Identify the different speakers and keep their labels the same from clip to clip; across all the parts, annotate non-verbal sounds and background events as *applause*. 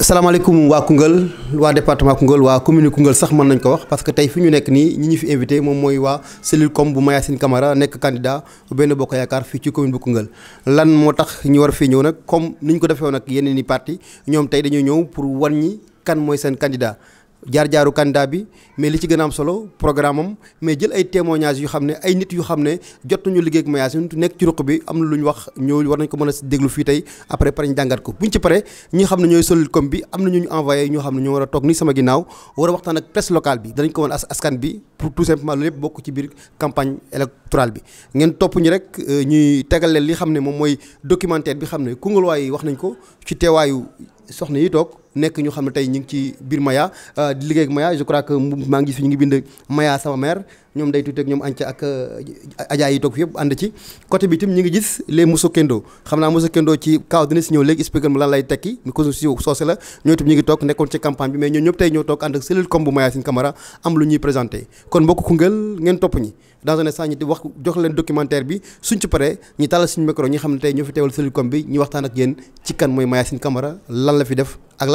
Speaker 1: salaamaaleykum waa Koungheul waa département Koungheul waa commune Koungheul sax mën nañ ko wax parce que tey fi ñu nekk nii ñi ñu fi invité moom mooy waa cellule com bu Mayacine Camara nekk candidat benn bokk yaakaar fii ci commune bu Koungheul lan moo tax ñu war a fii ñëw nag comme ni ñu ko defee woon ak yeneen i parti ñoom tey dañoo ñëw pour wan ñi kan mooy seen candidat jaar-jaaru candidat bi mais li ci gën am solo programme mais jël ay témoignages yu xam ne ay nit yu xam ne jot nañu liggéey ak Mayacine nekk ci ruq bi am na lu ñu wax ñëw war nañ ko mën a déglu fii tey après pare ñu jàngat ko buñ ci pare ñi xam ne ñooy solil comme bi am na ñu ñu envoyé ñoo xam ne ñoo war a toog nii sama ginnaaw war a waxtaan ak presse locale bi danañ ko woon askan bi pour tout simplement loolu yëpp bokk ci biir campagne électorale bi ngeen topp ñu rek euh, ñuy tegal leen li xam ne moom mooy documentaire bi xam ne Koungheul waay yi wax nañ ko ci teewaayu soxna yi toog nekk ñu xam ne tey ñu ngi ci biir Maya euh, di liggéey Maya je crois que maa ngi gis ñu ngi bind Maya sama mère ñoom day tuuti ñoom anca euh, yëpp ànd ci côté bi itam ñu ngi gis les musokendo xam naa musokendo ci kaw dina si ñëw léegi expliqué mu lan lay ñu ngi toog nekkoon ci campagne bi mais ñoom ñëpp tey ñoo toog ànd ak cellule comme bu Maya Sine Camara am lu ñuy présenté kon paree ñu tàllal suñu micro ñi xam ne tey ñoo fi teewal cellule comme bi ñu waxtaan ak yéen ci kan mooy Maya Sine Camara lan la fi def ak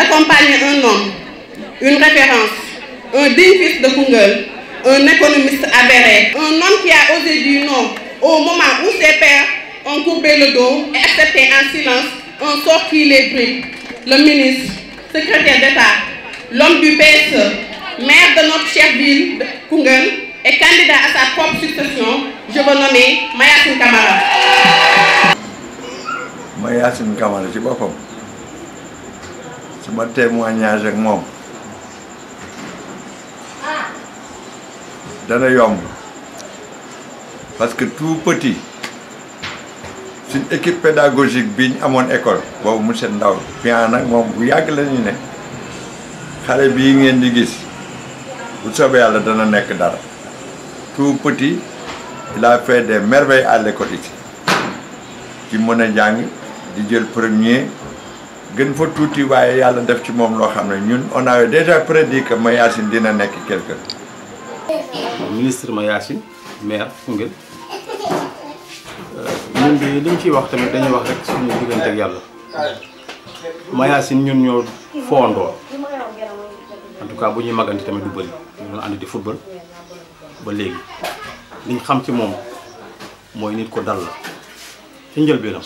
Speaker 2: d'accompagner un homme, une référence, un digne fils de Kungel, un économiste avéré, un homme qui a osé du non au moment où ses pères ont coupé le dos et accepté en silence un sort qui les brille. Le ministre, secrétaire d'État, l'homme du PSE, maire de notre chère ville de Kungel et candidat à sa propre succession, je veux nommer Mayassine Kamara. Mayassine Kamara ci boppam. suma témoignage ak moom dana yomb parce que tout petit suñ équipe pédagogique bi ñu amoon école boobu monsieur Ndaw bien nag moom bu yàgg la ñu ne xale bii ngeen di gis bu soobee yàlla dana nekk dara tout petit il a fait des merveilles à l'école ici ci mën a jàng di jël premier gën fa tuuti waaye yàlla def ci moom loo xam ne ñun on avait déjà prédit que Mayacine dina nekk quelque ministre Mayacine maire Koungheul euh, ñun bi li ñu ciy wax tamit dañuy wax rek suñu diggante ak yàlla
Speaker 1: Mayacine ñun ñoo foondoo en cas bu ñuy magante tamit du bëri ñu doon ànd di football ba léegi liñ xam ci moom mooy nit ko dal la ci njëlbeenam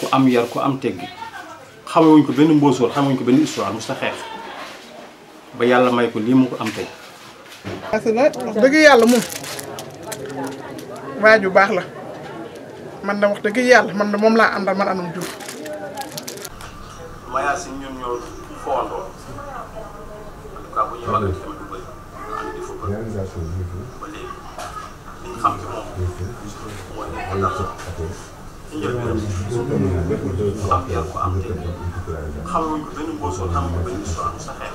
Speaker 1: ku am yar ku am teggi xamewuñ ko benn mbóosóor xamewuñ ko benn histoire mu xeex ba yàlla may ko lii mu ko am tey.
Speaker 2: que wax dëgg yàlla moom waaju baax la man da wax dëgg yàlla man da moom laa àndal man anam jur.
Speaker 1: yéen ko am te xamuñ ko benn mboosoon xamuñ ko benn histoire sa xeex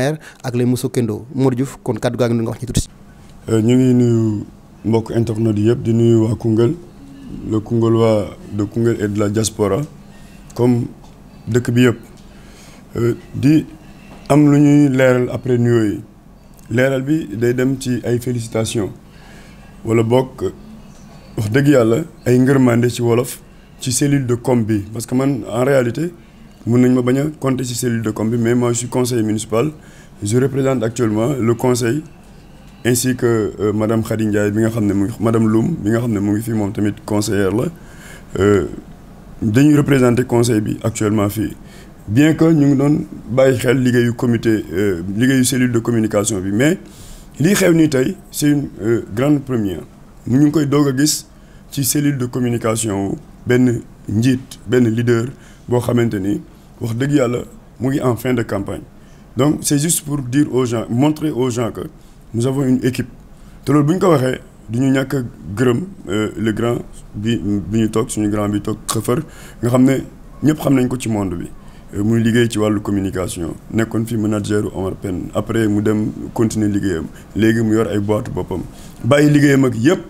Speaker 1: maire ak les Moussokendo Modou Diouf kon kàddu gaa ngi nga wax ñu tuuti.
Speaker 3: Euh, ñu ngi nuyu mbokk internet yëpp di nuyu waa Koungheul le Koungheul waa de Koungheul et la diaspora comme dëkk bi yëpp euh, di am lu ñuy leeral après nuyoo yi leeral bi day dem ci ay félicitations wala bokk wax dëgg yàlla ay ngërmande ci wolof ci cellule de comme bi parce que man en réalité. mun nañ ma bañ a compter ci cellule de com bi mais moi je suis conseiller municipal je représente actuellement le conseil ainsi que euh, madame Khady Ndiaye bi nga xam ne mu ngi madame Loum bi nga xam ne mu ngi fi moom tamit conseillère la euh, dañuy représenter conseil bi actuellement fii bien que ñu ngi doon bàyyi xel liggéeyu comité euh, liggéeyu cellule de communication bi mais lii xew nii tey c'est une euh, grande première mu ñu ngi koy doog a gis ci cellule de communication benn njiit benn leader boo xamante ni wax dëgg yàlla mu ngi en fin de campagne donc c'est juste pour dire aux gens montrer aux gens que nous avons une équipe te loolu bu ñu ko waxee du ñu ñàkk gërëm euh, le grand bi bi ñu toog suñu grand bi toog xëfër nga xam ne ñëpp xam nañ ko ci monde bi euh, muy liggéey ci wàllu communication nekkoon fi manager Omar Pène après mu dem continuer liggéeyam léegi mu yor ay boîte boppam bàyyi liggéeyam ak yëpp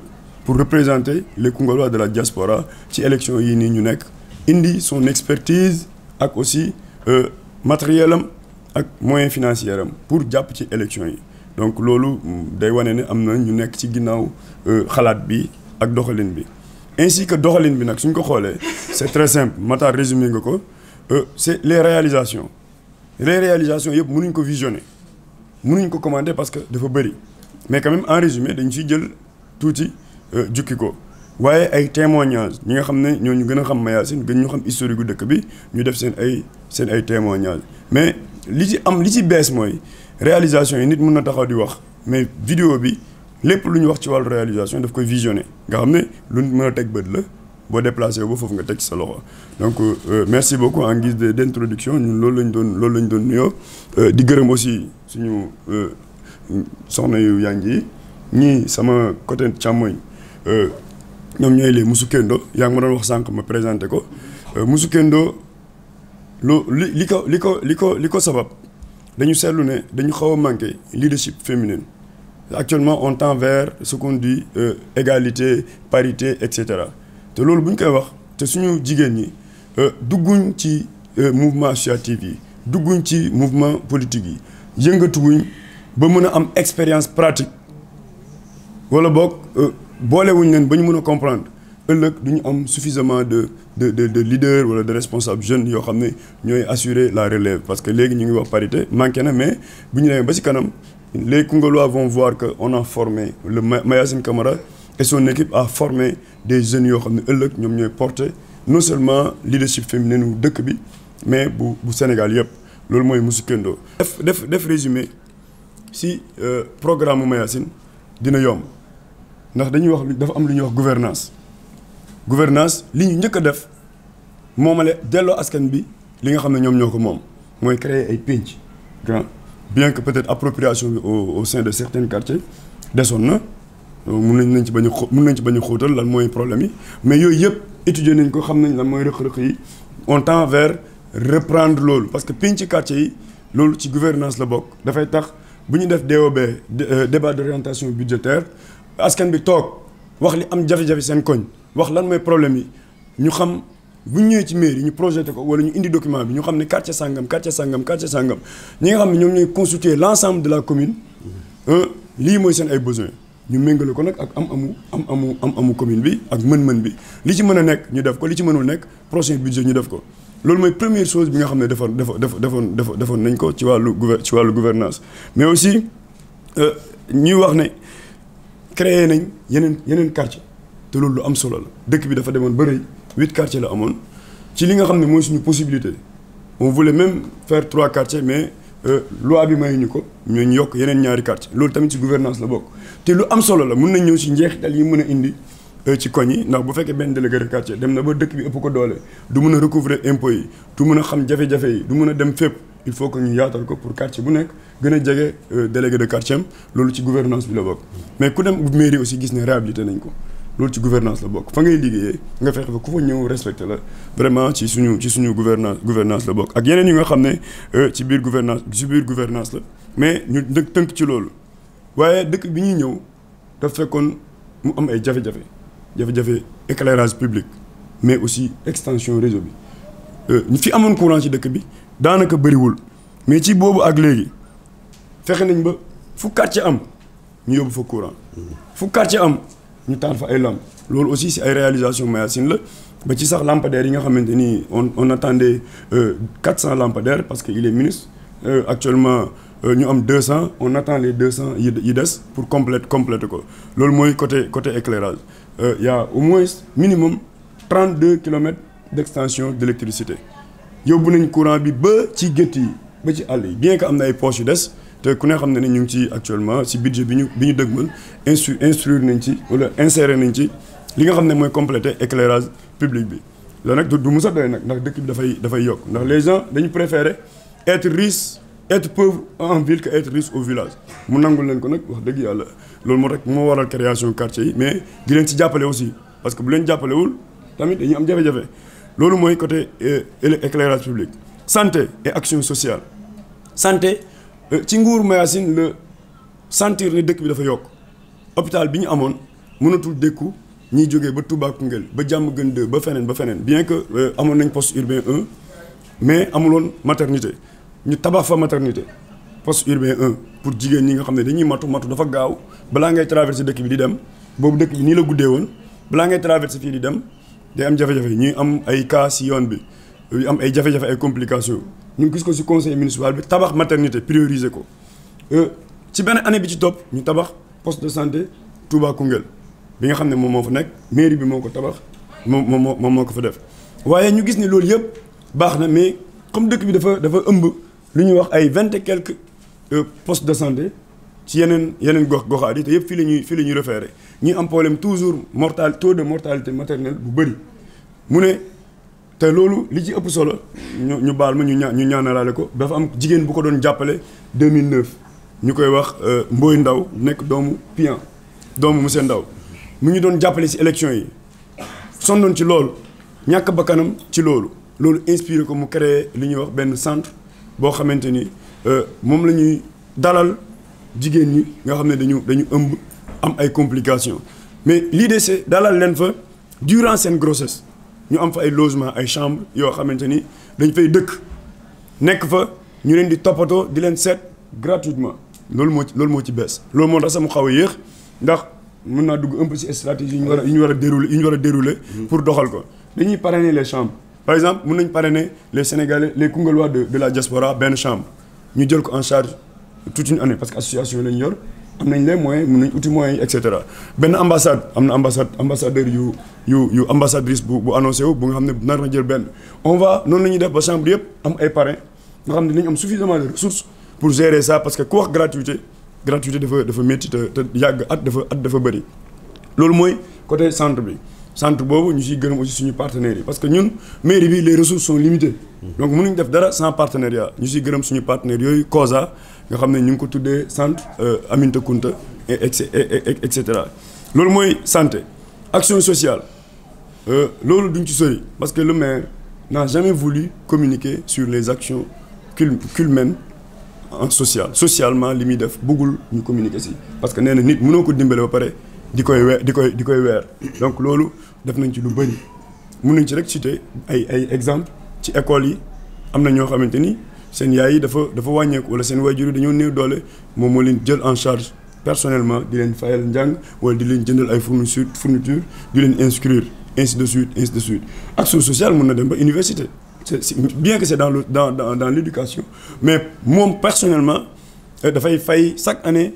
Speaker 3: pour représenter les Congolais de la diaspora ci élection yii nii ñu nekk indi son expertise ak aussi euh, matériel am ak moyen financier am pour jàpp ci élection yi donc loolu day wane ni am na ñu nekk ci ginnaaw euh, xalaat bi ak doxalin bi ainsi que doxalin bi nag suñ ko xoolee c'est très simple Matar résumé nga ko euh, c'est les réalisation les réalisations yëpp mënuñ ko visionner mënuñ ko commander parce que dafa bëri mais quand même en résumé dañu ciy jël tuuti jukki ko waaye ay témoignage ñi nga xam ne ñoo ñu gën a xam Mayacine gën ñu xam historique gu dëkk bi ñu def seen ay seen ay témoignage mais li ci am li ci bees mooy réalisation yi nit mun na taxaw di wax mais vidéo bi lépp lu ñu wax ci wàllu réalisation daf koy visionné nga xam ne lu mën a teg bët la boo déplacé ba foofu nga teg sa loxo donc euh, merci beaucoup en guise de d'introduction loolu lañ doon loolu lañu doon nuyoo euh, di gërëm aussi suñu euh, soxna yu yaa ngi ñii sama côté càmmoñ ñoom ñooy les Musukendo yaa ngi ma doon wax sànq ma présenté ko euh, Musukendo lu li li ko li ko li ko li ko sabab dañu seetlu ne dañu xaw a manqué leadership féminine actuellement on tend vers ce qu'on dit euh, égalité parité et cetera te loolu bu ñu koy wax te suñu jigéen ñi euh, dugguñ ci mouvement associatif yi dugguñ ci mouvement politique yi yëngatuwuñ ba mën a am expérience pratique wala boog. boolewuñ leen ba ñu mën a comprendre ëllëg du ñu am suffisamment de de de de leaders wala de responsables jeunes yoo xam ne ñooy assurer la relève parce que léegi ñu ngi wax parité manqué na mais bu ñu demee ba si kanam les Congolois vont voir que on a formé le Mayacine Camara et son équipe a formé des jeunes yoo xam ne ëllëg ñoom ñooy porter non seulement leadership féminin wu dëkk bi mais bu bu Sénégal yëpp loolu mooy musu kendo def def def résumé ci euh, programme Mayacine dina yomb. ndax dañuy wax dafa am lu ñuy wax gouvernance gouvernance li ñu njëkk a def moomale delloo askan bi li nga xam ne ñoom ñoo ko moom mooy créer ay pénc grand bien que peut-être appropriation bi au sein de certains quartiers desoon na euh, mun nañ nañ ci bañ a xó mun nañ ci bañ a xóotal lan mooy problème yi mais yooyu yëpp étudier nañ ko xam nañ lan mooy rëq-rëq yi on temps vers reprendre loolu parce que ci quartier yi loolu ci gouvernance la bokk dafay tax bu ñu def DOB euh, débat d'orientation budgétaire askan bi toog wax li am jafe-jafe seen koñ wax lan mooy problème yi ñu xam bu ñu ñëwee ci mairie ñu projet ko wala ñu indi document bi ñu xam ne quartier sangam quartier sangam quartier sangam ñi nga xam ne ñoom ñooy de la commune lii mooy seen ay besoin ñu méngale ko nag ak am amu am amu am amu commune bi ak mën-mën bi li ci mën a nekk ñu def ko li ci mënul nekk prochain budget ñu def ko loolu mooy première chose bi nga xam ne defoon defoon defoon defoon nañ ko ci wàllu ci wàllu gouvernance mais aussi euh, ñuy wax ne créé nañ yeneen yeneen quartier te loolu lu am solo la dëkk bi dafa demoon ba rëy huit quartiers la amoon ci li nga xam ne mooy suñu possibilité on voulait même faire trois quartiers mais euh, loi bi ñu ko ñooñu yokk yeneen ñaari quartier loolu tamit ci gouvernance la bokk te lu am solo la mun nañ ñëw si ci njeexital yi mun a indi euh, ci koñ yi ndax bu fekkee benn délégué de quartier dem na ba dëkk bi ëpp ko doole du mun a recouvrer impôts yi du mun a xam jafe yi du mun a dem fépp il faut que ñu yaatal ko pour quartier bu nekk gën a jege euh, délégué de quartier am loolu ci gouvernance bi la bokk mais ku dem mairie aussi gis ne réhabilité nañ ko loolu ci gouvernance la bokk fa ngay liggéeyee nga fexe ba ku fa ñëw respecté la vraiment ci suñu ci suñu gouvernance gouvernance la bokk ak yeneen yi nga xam ne euh, ci biir gouvernance ci biir gouvernance la mais ñu tënk ci loolu waaye dëkk bi ñuy ñëw daf fekkoon mu am ay jafe-jafe jafe-jafe éclairage public mais aussi extension réseau bi euh, ñu fi amoon courant dëkk bi daanaka bëriwul mais ci boobu ak léegi fexe nañ ba fu quartier am ñu yóbbu fa courant fu quartier am ñu taal fa ay lamp loolu aussi si ay réalisation Mayacine la ba ci sax lampadaire yi nga xamante nii on on attendait euh, quatre cent lampadaires parce que il est ministre euh, actuellement euh, ñu am deux cent on attend les deux cent yi des pour complète compléter ko loolu mooy côté côté éclairage y au moins minimum trente deux kilomètres d' extension d' électricité yóbbu nañ courant bi ba ci gétt yi ba ci àll yi bien que am na ay poches yu des te ku ne xam ne ni ñu ngi ci actuellement si budget bi ñu bi ñu dëgmal instru instruire nañ ci wala insérer nañ ci li nga xam ne mooy compléter éclairage public bi la nag du du musa doy nag ndax dëkk bi dafay dafay yokk ndax les gens dañu préférer être riche être pauvre en ville que être riche au village mu nangu leen ko nag wax dëgg yàlla loolu moo rek moo waral création quartier mais di ci jàppale aussi que bu jàppalewul tamit dañuy am jafe loolu mooy côté euh, éclairage public santé et action sociale santé euh, ci nguur Mayacine la sentir ni dëkk bi dafa yokk hôpital bi ñu amoon mënatul dékku ñuy jógee ba Touba Koungheul ba jàmm gën 2 ba feneen ba feneen bien que euh, amoon nañ poste urbain 1 mais amuloon maternité ñu tabax fa maternité poste urbain 1 pour jigéen ñi nga xam ne dañuy matu matu dafa gaaw balaa ngay traversé dëkk bi di dem boobu dëkk bi nii la guddee woon balaa ngay traversé fii di dem day am jafe-jafe ñuy am ay cas si yoon bi yu am ay jafe-jafe ay complications ñu gis ko si conseil municipal bi tabax maternité prioriser ko euh, ci benn année bi ci topp ñu tabax poste de santé Touba Koungheul bi nga xam ne moom moo fa nekk mairie bi moo ko tabax moom moo moom moo ko fa def waaye ñu gis ne loolu yëpp baax na mais comme dëkk bi dafa dafa ëmb lu ñuy wax ay vingt et quelques euh, postes de santé ci yeneen yeneen gox goxaat yi te yëpp fii la ñuy fii la ñuy référé ñuy am problème toujours mortal taux de mortalité maternelle bu bëri mu ne te loolu li ci ëpp solo ñu ñu baal ma ñu ñaa ñu ñaanalaale ko dafa am jigéen bu ko doon jàppale 2009 ñu koy wax euh, Mboy Ndaw nekk doomu Pian doomu monsieur Ndaw mu ñu doon jàppale si élection yi sonnoon ci loolu ñàkk bakkanam ci loolu loolu inspiré ko mu créé li ñuy wax benn centre boo xamante ni euh, moom la ñuy dalal jigéen ñi nga xam ne dañu dañu ëmb am ay complications mais lii l'idée c'est dalal leen fa durant seen grossesse ñu am fa ay logement ay chambre yoo xamante ni dañ fay dëkk nekk fa ñu leen di toppatoo di leen seet gratuitement loolu moo ci loolu moo ci bees loolu moo tax sama xaw a yéex ndax mën naa dugg un peu ci stratégie yu ñu war a yu ñu war a dérouler yu ñu war a dérouler pour doxal ko dañuy parrainer les chambres par exemple mën nañ parrainer les sénégalais les Kounguelwa de de la diaspora benn chambre ñu jël ko en charge toute une parce que association lañu yor am nañ les moyens mun nañ uti moyens yi et cetera benn ambassade am na ambassade ambassadeur yu yu ambassadrice bu annoncé wu bu nga xam ne nar na jël benn on va noonu la ñuy def ba chambre yëpp am ay parrain nga xam ne nañ am suffisamment de ressources pour gérer ça parce que ku wax gratuité gratuité dafa dafa métti te te yàgg at dafa at dafa bëri loolu mooy côté centre bi centre boobu ñu ciy gërëm aussi suñu partenaire yi parce que ñun mairie bi les ressources sont limitées mmh. donc mënuñ def dara sans partenariat ñu ciy gërëm suñu partenaires yooyu COSA nga xam ne ñu ngi ko tuddee centre euh, aminte Kunta et et cetera loolu mooy santé action sociale euh, loolu duñ ci sori parce que le maire n'a jamais voulu communiquer sur les actions qu'il qu'il mène en social socialement li muy def bëggul ñu communiquer si parce que nee na nit munoo ko dimbale ba pare di koy weer di koy di koy weer donc loolu def nañ ci lu bëri mun nañ ci rek citer ay ay exemple ci école yi am na ñoo xamante ni seen yaay yi dafa dafa wàññeeku wala seen waajur yi dañoo néew doole moom moo leen jël en charge personnellement di leen fayal njàng wala di leen jëndal ay fourniture fourniture di leen inscrire ainsi de suite ainsi de suite action sociale mun na dem ba université c'est bien que c'est dans le dans dans dans l'éducation mais moom personnellement euh, dafay fay chaque année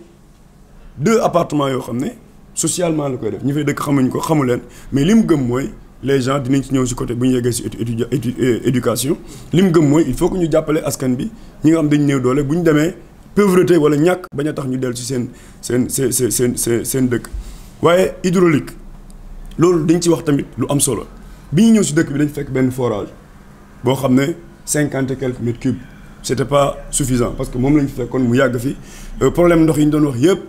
Speaker 3: deux appartements yoo xam ne socialement la koy def ñu fay dëkk xamuñ ko xamu leen mais li mu gëm mooy les gens dinañ ci ñëw si côté bu ñu yeggee si euh, éducation li mu gëm mooy il faut que ñu jàppale askan bi ñi nga xam dañu néew doole bu ñu demee pauvreté wala ñàkk bañ a tax ñu dellu si seen seen seen seen seen seen dëkk. waaye hydraulique loolu dañ ci wax tamit lu am solo bi ñu ñëw si dëkk bi dañ fekk benn forage boo xam ne cinquante et quelques mètres cubes c' était pas suffisant parce que moom la ñu fekkoon mu yàgg fi euh, problème ndox yi ñu doon wax yëpp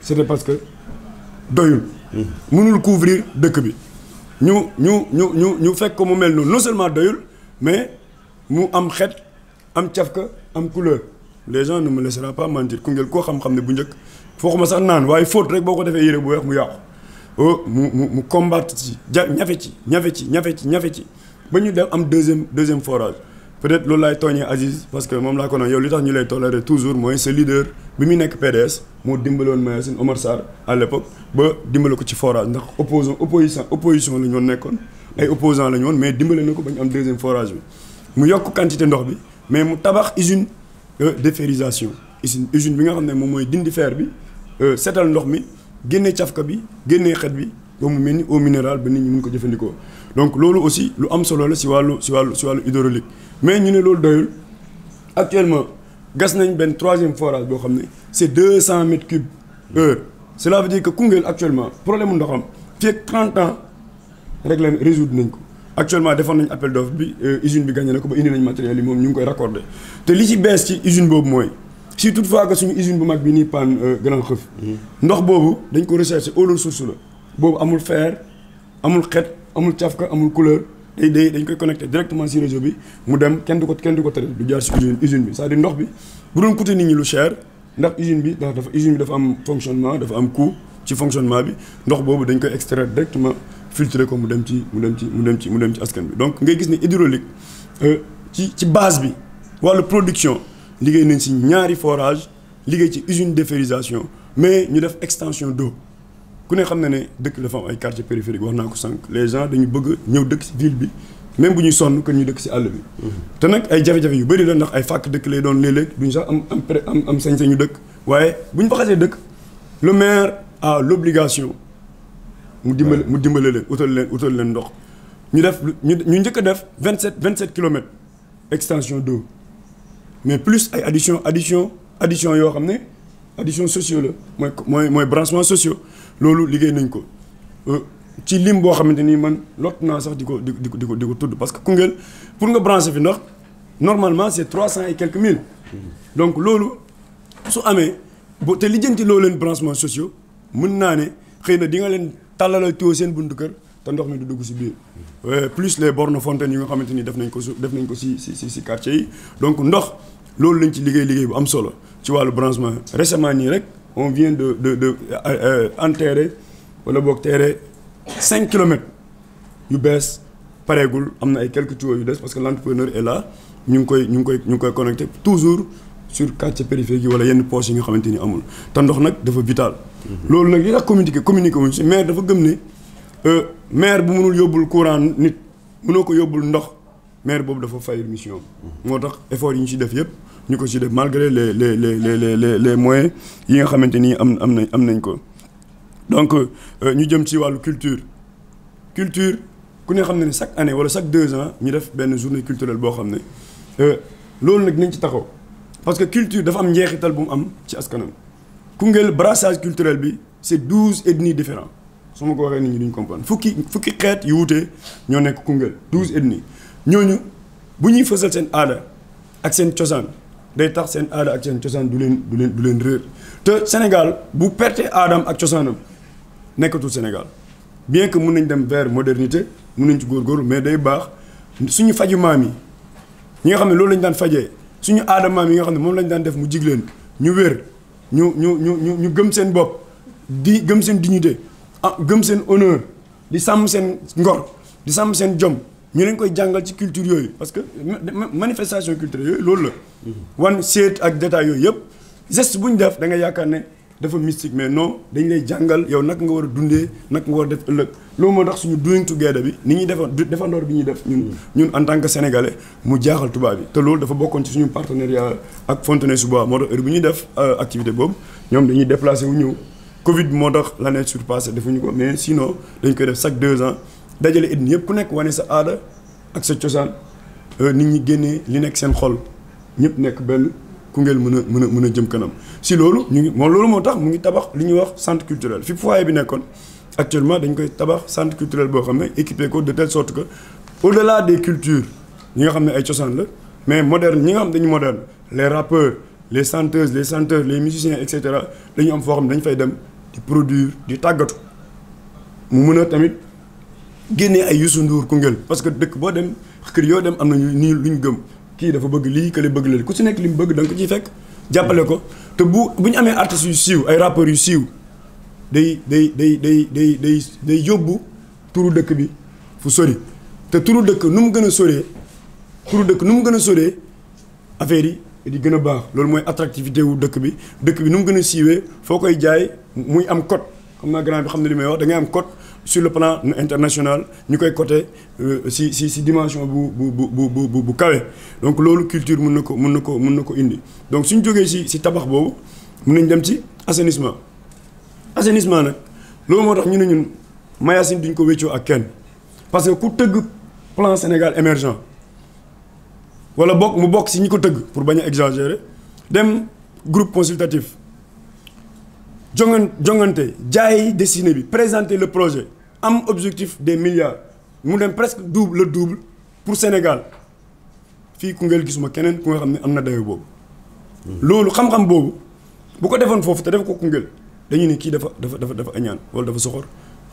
Speaker 3: c' était parce que doyul. Mmh. mënul couvrir dëkk bi. ñu ñu ñu ñu ñu fekk ko mu mel noonu non seulement doyul mais mu am xet am cafka am couleur les gens ne me laisseront pas mentir Koungheul koo xam-xam ne bu njëkk ma sax naan waaye faute rek boo ko defee yére bu weex mu yàqu oh mu mu mu combattre ci ja ñafe ci ñafe ci ñafe ci ñafe ci ba ñu dem am deuxième deuxième forage peut-être loolu laay tooñee Aziz parce que moom laa ko naan yow li tax ñu lay tolérer toujours mooy ce bi muy nekk PDS moo dimbaloon ma seen Omar Sarr à l'époque ba dimbale ko ci forage ndax opposant opposition opposition la ñu woon nekkoon ay opposant la mais dimbale na ko ba ñu am deuxième forage bi mu yokk quantité ndox bi mais mu tabax usine euh, de ferrisation usine usine bi nga xam ne moom mooy dindi fer bi euh, setal ndox mi génne cafka bi génnee xet bi ba mu mel ni eau minérale ba nit ñi mun ko jëfandikoo donc loolu aussi lu am solo la si wàllu si wàllu si wàllu hydraulique mais ñu ne loolu doyul actuellement gas nañ benn troisième forage boo xam ne c' est deux cent mètres cubes heure cela veut dire que Koungheul actuellement problème mu ndoxam fii ak trente ans réglé nañ ko actuellement defoon nañ appel d'offre bi euh, usine bi gagné ne ko ba indi nañ matériel yi moom ñu ngi koy raccordé te li ci bees ci usine boobu mooy si toutefois que suñu usine bu mag bi nii panne euh, grand xëf mm-hmm. ndox boobu dañ ko recherché eau de source la boobu amul fer amul xet amul cafka amul couleur day dañ koy connecté directement si réseau bi mu dem kenn du ko kenn du ko tere du jaar si usine bi cest à ndox bi bu doon coûter nit ñi lu cher ndax usine bi dafa usine bi dafa am fonctionnement dafa am coût ci fonctionnement bi ndox boobu dañ koy extraire directement filtrer ko mu dem ci mu dem ci mu dem ci mu dem ci askan bi donc ngay gis ne hydraulique euh, ci ci base bi wàllu production liggéey nañ si ñaari forage liggéey ci usine déferrisation mais ñu def extension do ku ne xam na ne dëkk dafa am ay quartier périphérique wax naa ko sànq les gens dañu bëgg ñëw dëkk si ville bi même bu ñuy sonn que ñu dëkk si àll bi mm-hmm. te nag ay jafe-jafe yu bëri la ndax ay fàkk dëkk lay doon léeg-léeg duñu sax am am am am sañ-sañu dëkk waaye bu ñu fa xasee dëkk le maire a l'obligation mu dimbale mu dimbale leen utal leen utal leen ndox ñu def ñu njëkk a def vingt sept vingt sept kilomètres extension d'eau mais plus ay addition addition addition yoo xam ne addition sociaux la mooy mooy mooy branchement sociaux loolu liggéey nañ ko euh, ci lim boo xamante ni man lot naa sax di ko di ko di ko di ko tudd parce que Koungheul pour nga branché fi ndox normalement c' est trois cent et quelques mille. donc loolu su amee bo te lijjanti loolu leen branchement sociaux mën naa ne xëy na di nga leen tàllaloo tuyoo seen buntu kër te ndox mi du dugg si biir. Euh, plus les bornes fontaines yi nga xamante ni def nañ ko su def nañ ko si si si si quartier yi donc ndox loolu lañ ci liggéey liggéey bu am solo ci wàllu branchement récemment nii rek. on vient de de de euh, euh, enterrer wala boog terre cinq kilomètres yu bees pareegul am na ay quelques tuyaux yu des parce que l'entrepreneur et la ñu ngi koy ñu ngi koy ñu ngi koy toujours sur quartier périphérique yi wala yenn poches yi nga xamante ni amul te ndox nag dafa vital. Mhm. loolu nag li tax communiqué communiqué wuñ si maire dafa gëm ne euh, maire bu mënul yóbbul courant nit mënoo ko yóbbul ndox maire boobu dafa fayal mission mhm. moo tax effort yi ñu si def yëpp. ñu ko ci def malgré les les les les les les moyens yi nga xamante ni am am nañ am nañ ko donc euh, ñu jëm ci wàllu culture culture ku ne xam ne ne chaque année wala chaque deux ans ñu def benn journée culturelle boo xam ne euh, loolu nag nañ ci taxaw parce que culture dafa am njeexital bu mu am ci askanam Koungheul brassage culturel bi c'est douze ethnies différentes su ma ko waxee nit ñi duñ comprendre fukki fukki xeet yu wutee ñoo nekk Koungheul douze ethnies ñooñu bu ñuy fësal seen aada ak seen cosaan day tax seen aada ak seen cosaan du leen du leen du leen réer te Sénégal bu perte aadam ak cosaanam nekkatul Sénégal bien que mun nañ dem vers modernité mun nañ ci góorgóorlu mais day baax suñu faju maam yi ñi nga xam ne loolu lañ daan fajee suñu aada maam yi nga xam ne moom lañ daan def mu jig leen ñu wér ñu ñu ñu ñu gëm seen bopp di gëm seen dignité ah gëm seen honneur di sàmm seen ngor di sàmm seen jom ñu leen koy jàngal ci culture yooyu parce que manifestation culturelle yooyu loolu la. wan seet ak détail yooyu yëpp geste bu ñu def da nga yaakaar ne dafa mystique mais no dañu lay jàngal yow naka nga war a dundee naka nga war a def ëllëg loolu moo tax suñu doing together bi ni ñuy defa defandoor bi ñuy def ñun mm. ñun en tant que sénégalais mu jaaxal tubaab bi te loolu dafa bokkoon ci suñu partenariat ak Fontenay-sous-Bois moo tax heure bu ñuy def euh, activité boobu ñoom dañuy déplacé wu ñëw covid bi moo tax l'année surpassée defuñu ko mais sinon dañ koy def chaque deux ans dajale it yëpp ku nekk wane sa aada ak sa cosaan euh, nit ñi génnee li nekk seen xol ñëpp nekk benn Koungheul mën a mën a mën a jëm kanam si loolu ñu ngi moom loolu moo tax mu ngi tabax li ñuy wax centre culturel fi foyer bi nekkoon actuellement dañ koy tabax centre culturel boo xam ne équipe ko de telle sorte que de delà des cultures ñi nga xam ne ay cosaan la mais moderne ñi nga xam dañu moderne les rappeurs les chanteuses les centeurs les musiciens et cetera dañu am foo xam ne fay dem di produire di tàggatu mu mën a tamit génne ay Youssou Ndour Koungheul parce que dëkk boo dem kër yoo dem am nañu nii luñ gëm kii dafa bëgg lii kële bëgg la ku si nekk li mu bëgg da nga ko ciy fekk jàppale ko te bu bu ñu amee artistes yu siiw ay rappeurs yu siiw day day day day day day day yóbbu turu dëkk bi fu sori te turu dëkk nu mu gën a soree turu dëkk nu mu gën a soree affaire yi di gën a baax loolu mooy attractivité wu dëkk bi dëkk bi nu mu gën a siiwee foo koy jaay muy am code xam naa grand bi xam ne li may wax da ngay am code sur le plan international ñu koy côté euh, si si si dimension bu bu bu bu bu bu kawe donc loolu culture mun na ko mun na ko mun na ko indi donc suñ jógee si si tabax boobu mun nañ dem ci assainissement assainissement nag loolu moo tax ñu ne ñun Mayacine duñ ko wéccoo ak kenn parce que ku tëgg plan Sénégal émergent wala bokk mu bokk si ñi ko tëgg pour bañ a exagérer dem groupe consultatif jongan jongante jaay dessiné bi présenter le projet am objectif des milliards mu dem presque double la double pour Sénégal fii Koungheul gisuma keneen ku nga xam ne am na dayo boobu loolu xam-xam boobu bu ko defoon foofu te def ko Koungheul dañu ne kii dafa dafa dafa dafa añaan wala dafa soxor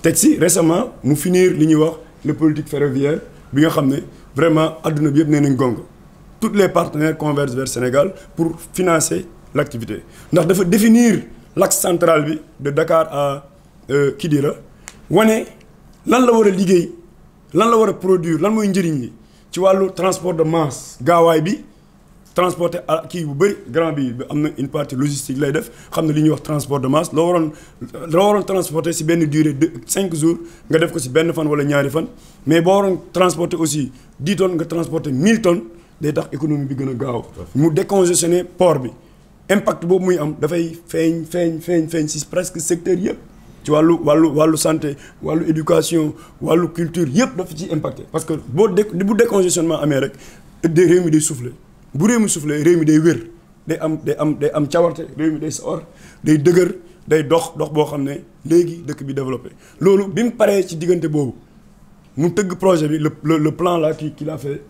Speaker 3: teg si récemment mu finir li ñuy wax le politique ferroviaire bi nga xam ne vraiment adduna bi yëpp nee nañ gong tout les partenaires convergent vers Sénégal pour financer activité ndax dafa définir l'axe central bi de Dakar à la euh, wane lan la war a liggéey lan la war a produire lan mooy njëriñ li ci wàllu transport de masse gaawaay bi a kii bu bëri grand bi am na une partie logistique lay def xam ne li ñuy wax transport de masse loo waroon loo waroon transporter si benn durée de cinq jours nga def ko si benn fan wala ñaari fan mais boo waroon transporter aussi dix tonnes nga transporter mille tonnes day tax économie bi gën a gaaw mu décongestionner port bi impact boobu muy am dafay feeñ feeñ feeñ feeñ si presque secteur yëpp ci wàllu wàllu wàllu santé wàllu éducation wàllu culture yëpp dafa ci impacte parce que boo dé bu décongestionnement amee rek day réew mi day soufflé bu réew mi soufflé réew mi day wér day am day am day am cawarte réew mi day sawar day dëgër day dox dox boo xam ne léegi dëkk bi développé loolu bi paree ci diggante boobu mu tëgg projet bi le le plan là qui qui l'a fait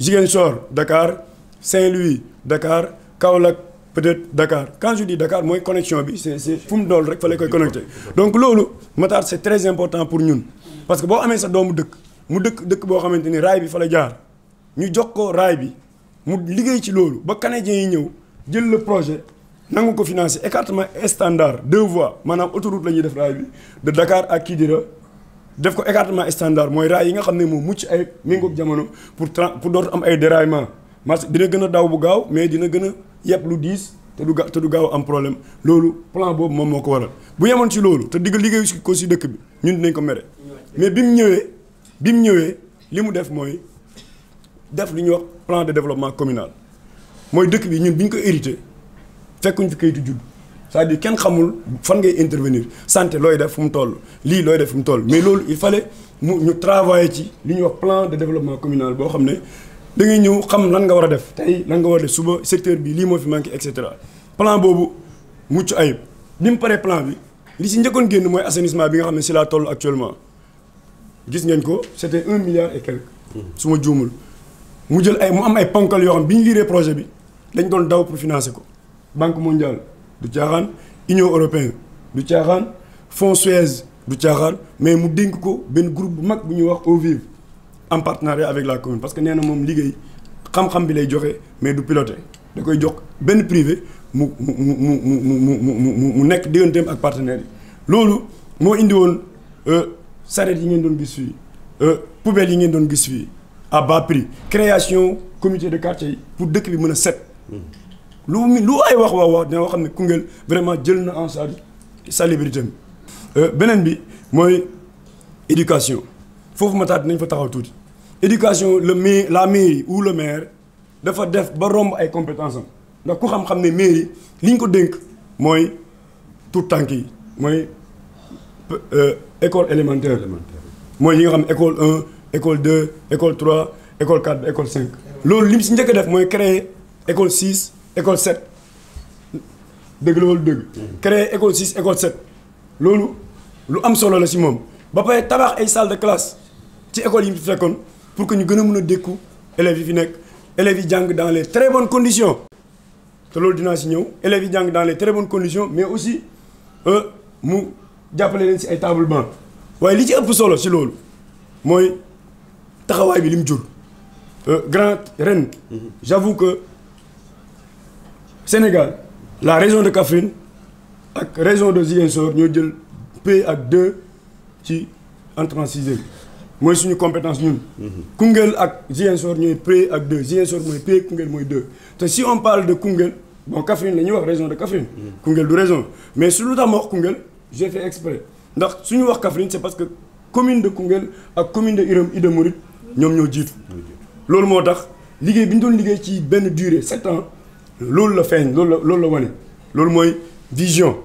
Speaker 3: Ziguinchor Dakar Saint-Louis Dakar Kaolack peut-être Dakar quand je dis Dakar mooy connexion bi c'est c'est fu mu dool rek fa la koy connecté donc loolu Matar c'est très important pour ñun parce que boo amee sa doomu dëkk mu dëkk dëkk boo xamante ni raay bi fa la jaar ñu jox ko raay bi mu liggéey ci loolu ba canadiens yi ñëw jël le projet nangu ko financé écartement standard deux voies maanaam autoroute la ñuy def raay bi de Dakar à Kidira def ko écartement standard mooy raay yi nga xam ne moom mucc ay méngoog jamono pour pour dootu am ay déraillement marché dina gën a daw bu gaaw mais dina gën a yëpp lu diis te du ga te du gaaw am problème loolu plan boobu moom moo ko waral bu yemoon si loolu te digg liggéeyu ko ci dëkk bi ñun dinañ ko mere mais bi mu ñëwee bi mu ñëwee li mu def mooy def lu ñuy wax plan de développement communal mooy dëkk bi ñun bi ñu ko hérité fekkuñ fi kayitu judd cest à kenn xamul fan ngay intervenir santé looy def fu mu toll lii looy def fu mu toll mais loolu il fallait mu ñu travailler ci li ñuy wax plan de développement communal boo xam ne da ñëw xam lan nga war a def tey lan nga war a def suba secteur bi lii moo fi manque et cetera plan boobu mucc ayib bi mu paree plan bi li si njëkkoon génn mooy assainissement bi nga xam ne si laa toll actuellement gis ngeen ko c'était un milliard et quelque. su ma juumul mu jël ay mu am ay ponkal yoo xam bi ñu liiree projet bi dañ doon daw pour financer ko banque mondiale du caaxaan union européenne du caaxaan fonds Suez du caaxaan mais mu dénk ko benn groupe bu mag bu ñuy wax Eaux Vives en partenariat avec la commune parce que nee moom liggéey xam-xam bi lay joxe mais du piloté da koy jox benn privé mu mu mu mu mu mu mu nekk digganteem ak partenaire yi. loolu moo indi woon sareet yi ngeen doon gis fii poubelles yi ngeen doon gis fii à bas prix création comité de quartier yi pour dëkk bi mën a set. lu mu lu ay wax wax wax dina wax xam ne Koungheul vraiment jël na en charge salubrité beneen bi mooy éducation foofu ma taat dinañ fa taxaw tuuti. éducation le maire la mairie ou le maire dafa def ba romb ay compétence am ndax ku xam-xam ne mairie li ñu ko dénk mooy tout tànk yi mooy euh, école élémentaire mooy yi nga xam école 1 école 2 école trois école 4 école 5 loolu li mu si njëkk a def mooy créer école 6 école 7 dëgg la wala dëgg créer école 6 école 7 loolu lu am solo la si moom ba pare tabax ay salle de classe ci école yi mu fekkoon pour que ñu gën a mën a dékku élèves yi fi nekk élèves yi jàng dans les très bonnes conditions te loolu dinaa si ñëw élèves yi jàng dans les très bonnes conditions mais aussi euh, mu jàppale leen si ay table banc waaye li ci ëpp solo si loolu mooy taxawaay bi li jur euh, grand ren j'avoue que Sénégal la région de Kaffrine ak région de Ziguinchor ñoo jël P ak 2 ci entrée en mooy suñu compétence ñun. Koungheul ak Ziguinchor ñooy pré ak deux Ziguinchor mooy pré Koungheul mooy deux te si on parle de Koungheul bon Kaffrine la ñuy wax région de Kaffrine. Mm. Koungheul du région mais su lu tax ma wax Koungheul j'ai fait ndax suñu wax Kaffrine c'est parce que commune de Koungheul ak commune de Uram Ida Mouride ñoom ñoo jiitu. loolu moo tax liggéey bi ñu doon liggéey ci benn durée sept ans loolu la feeñ loolu la loolu la wane loolu mooy vision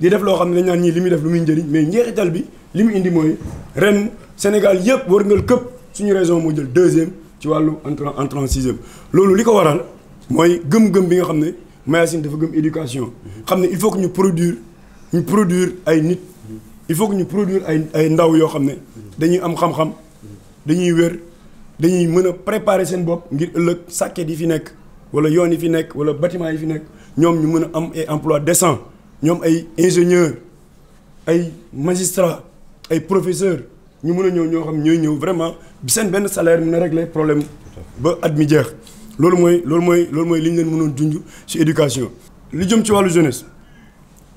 Speaker 3: di def loo xam ne dañ ñii li muy def lu muy njëriñ mais njeexital bi li mu indi mooy ren. Sénégal yëpp wërngal këpp suñu région moo jël deuxième ci wàllu entrant entrant sixième loolu li ko waral mooy gëm-gëm bi nga xam ne Mayacine dafa gëm éducation xam ne il faut que ñu produire ñu produire ay nit il faut que ñu produire ay ay ndaw yoo xam ne dañuy am xam-xam dañuy wér dañuy mën a préparer seen bopp ngir ëllëg sàkket yi fi nekk wala yoon yi fi nekk wala bâtiment yi fi nekk ñoom ñu mën a am ay emploi décent ñoom ay ingénieur ay magistrat ay professeur ñu mun a ñëw ñoo xam ñooy ñëw vraiment seen benn salaire mën a régler problème ba at mi jeex loolu mooy loolu mooy loolu mooy li ñu leen mënoon junj ci éducation. li jëm ci wàllu jeunesse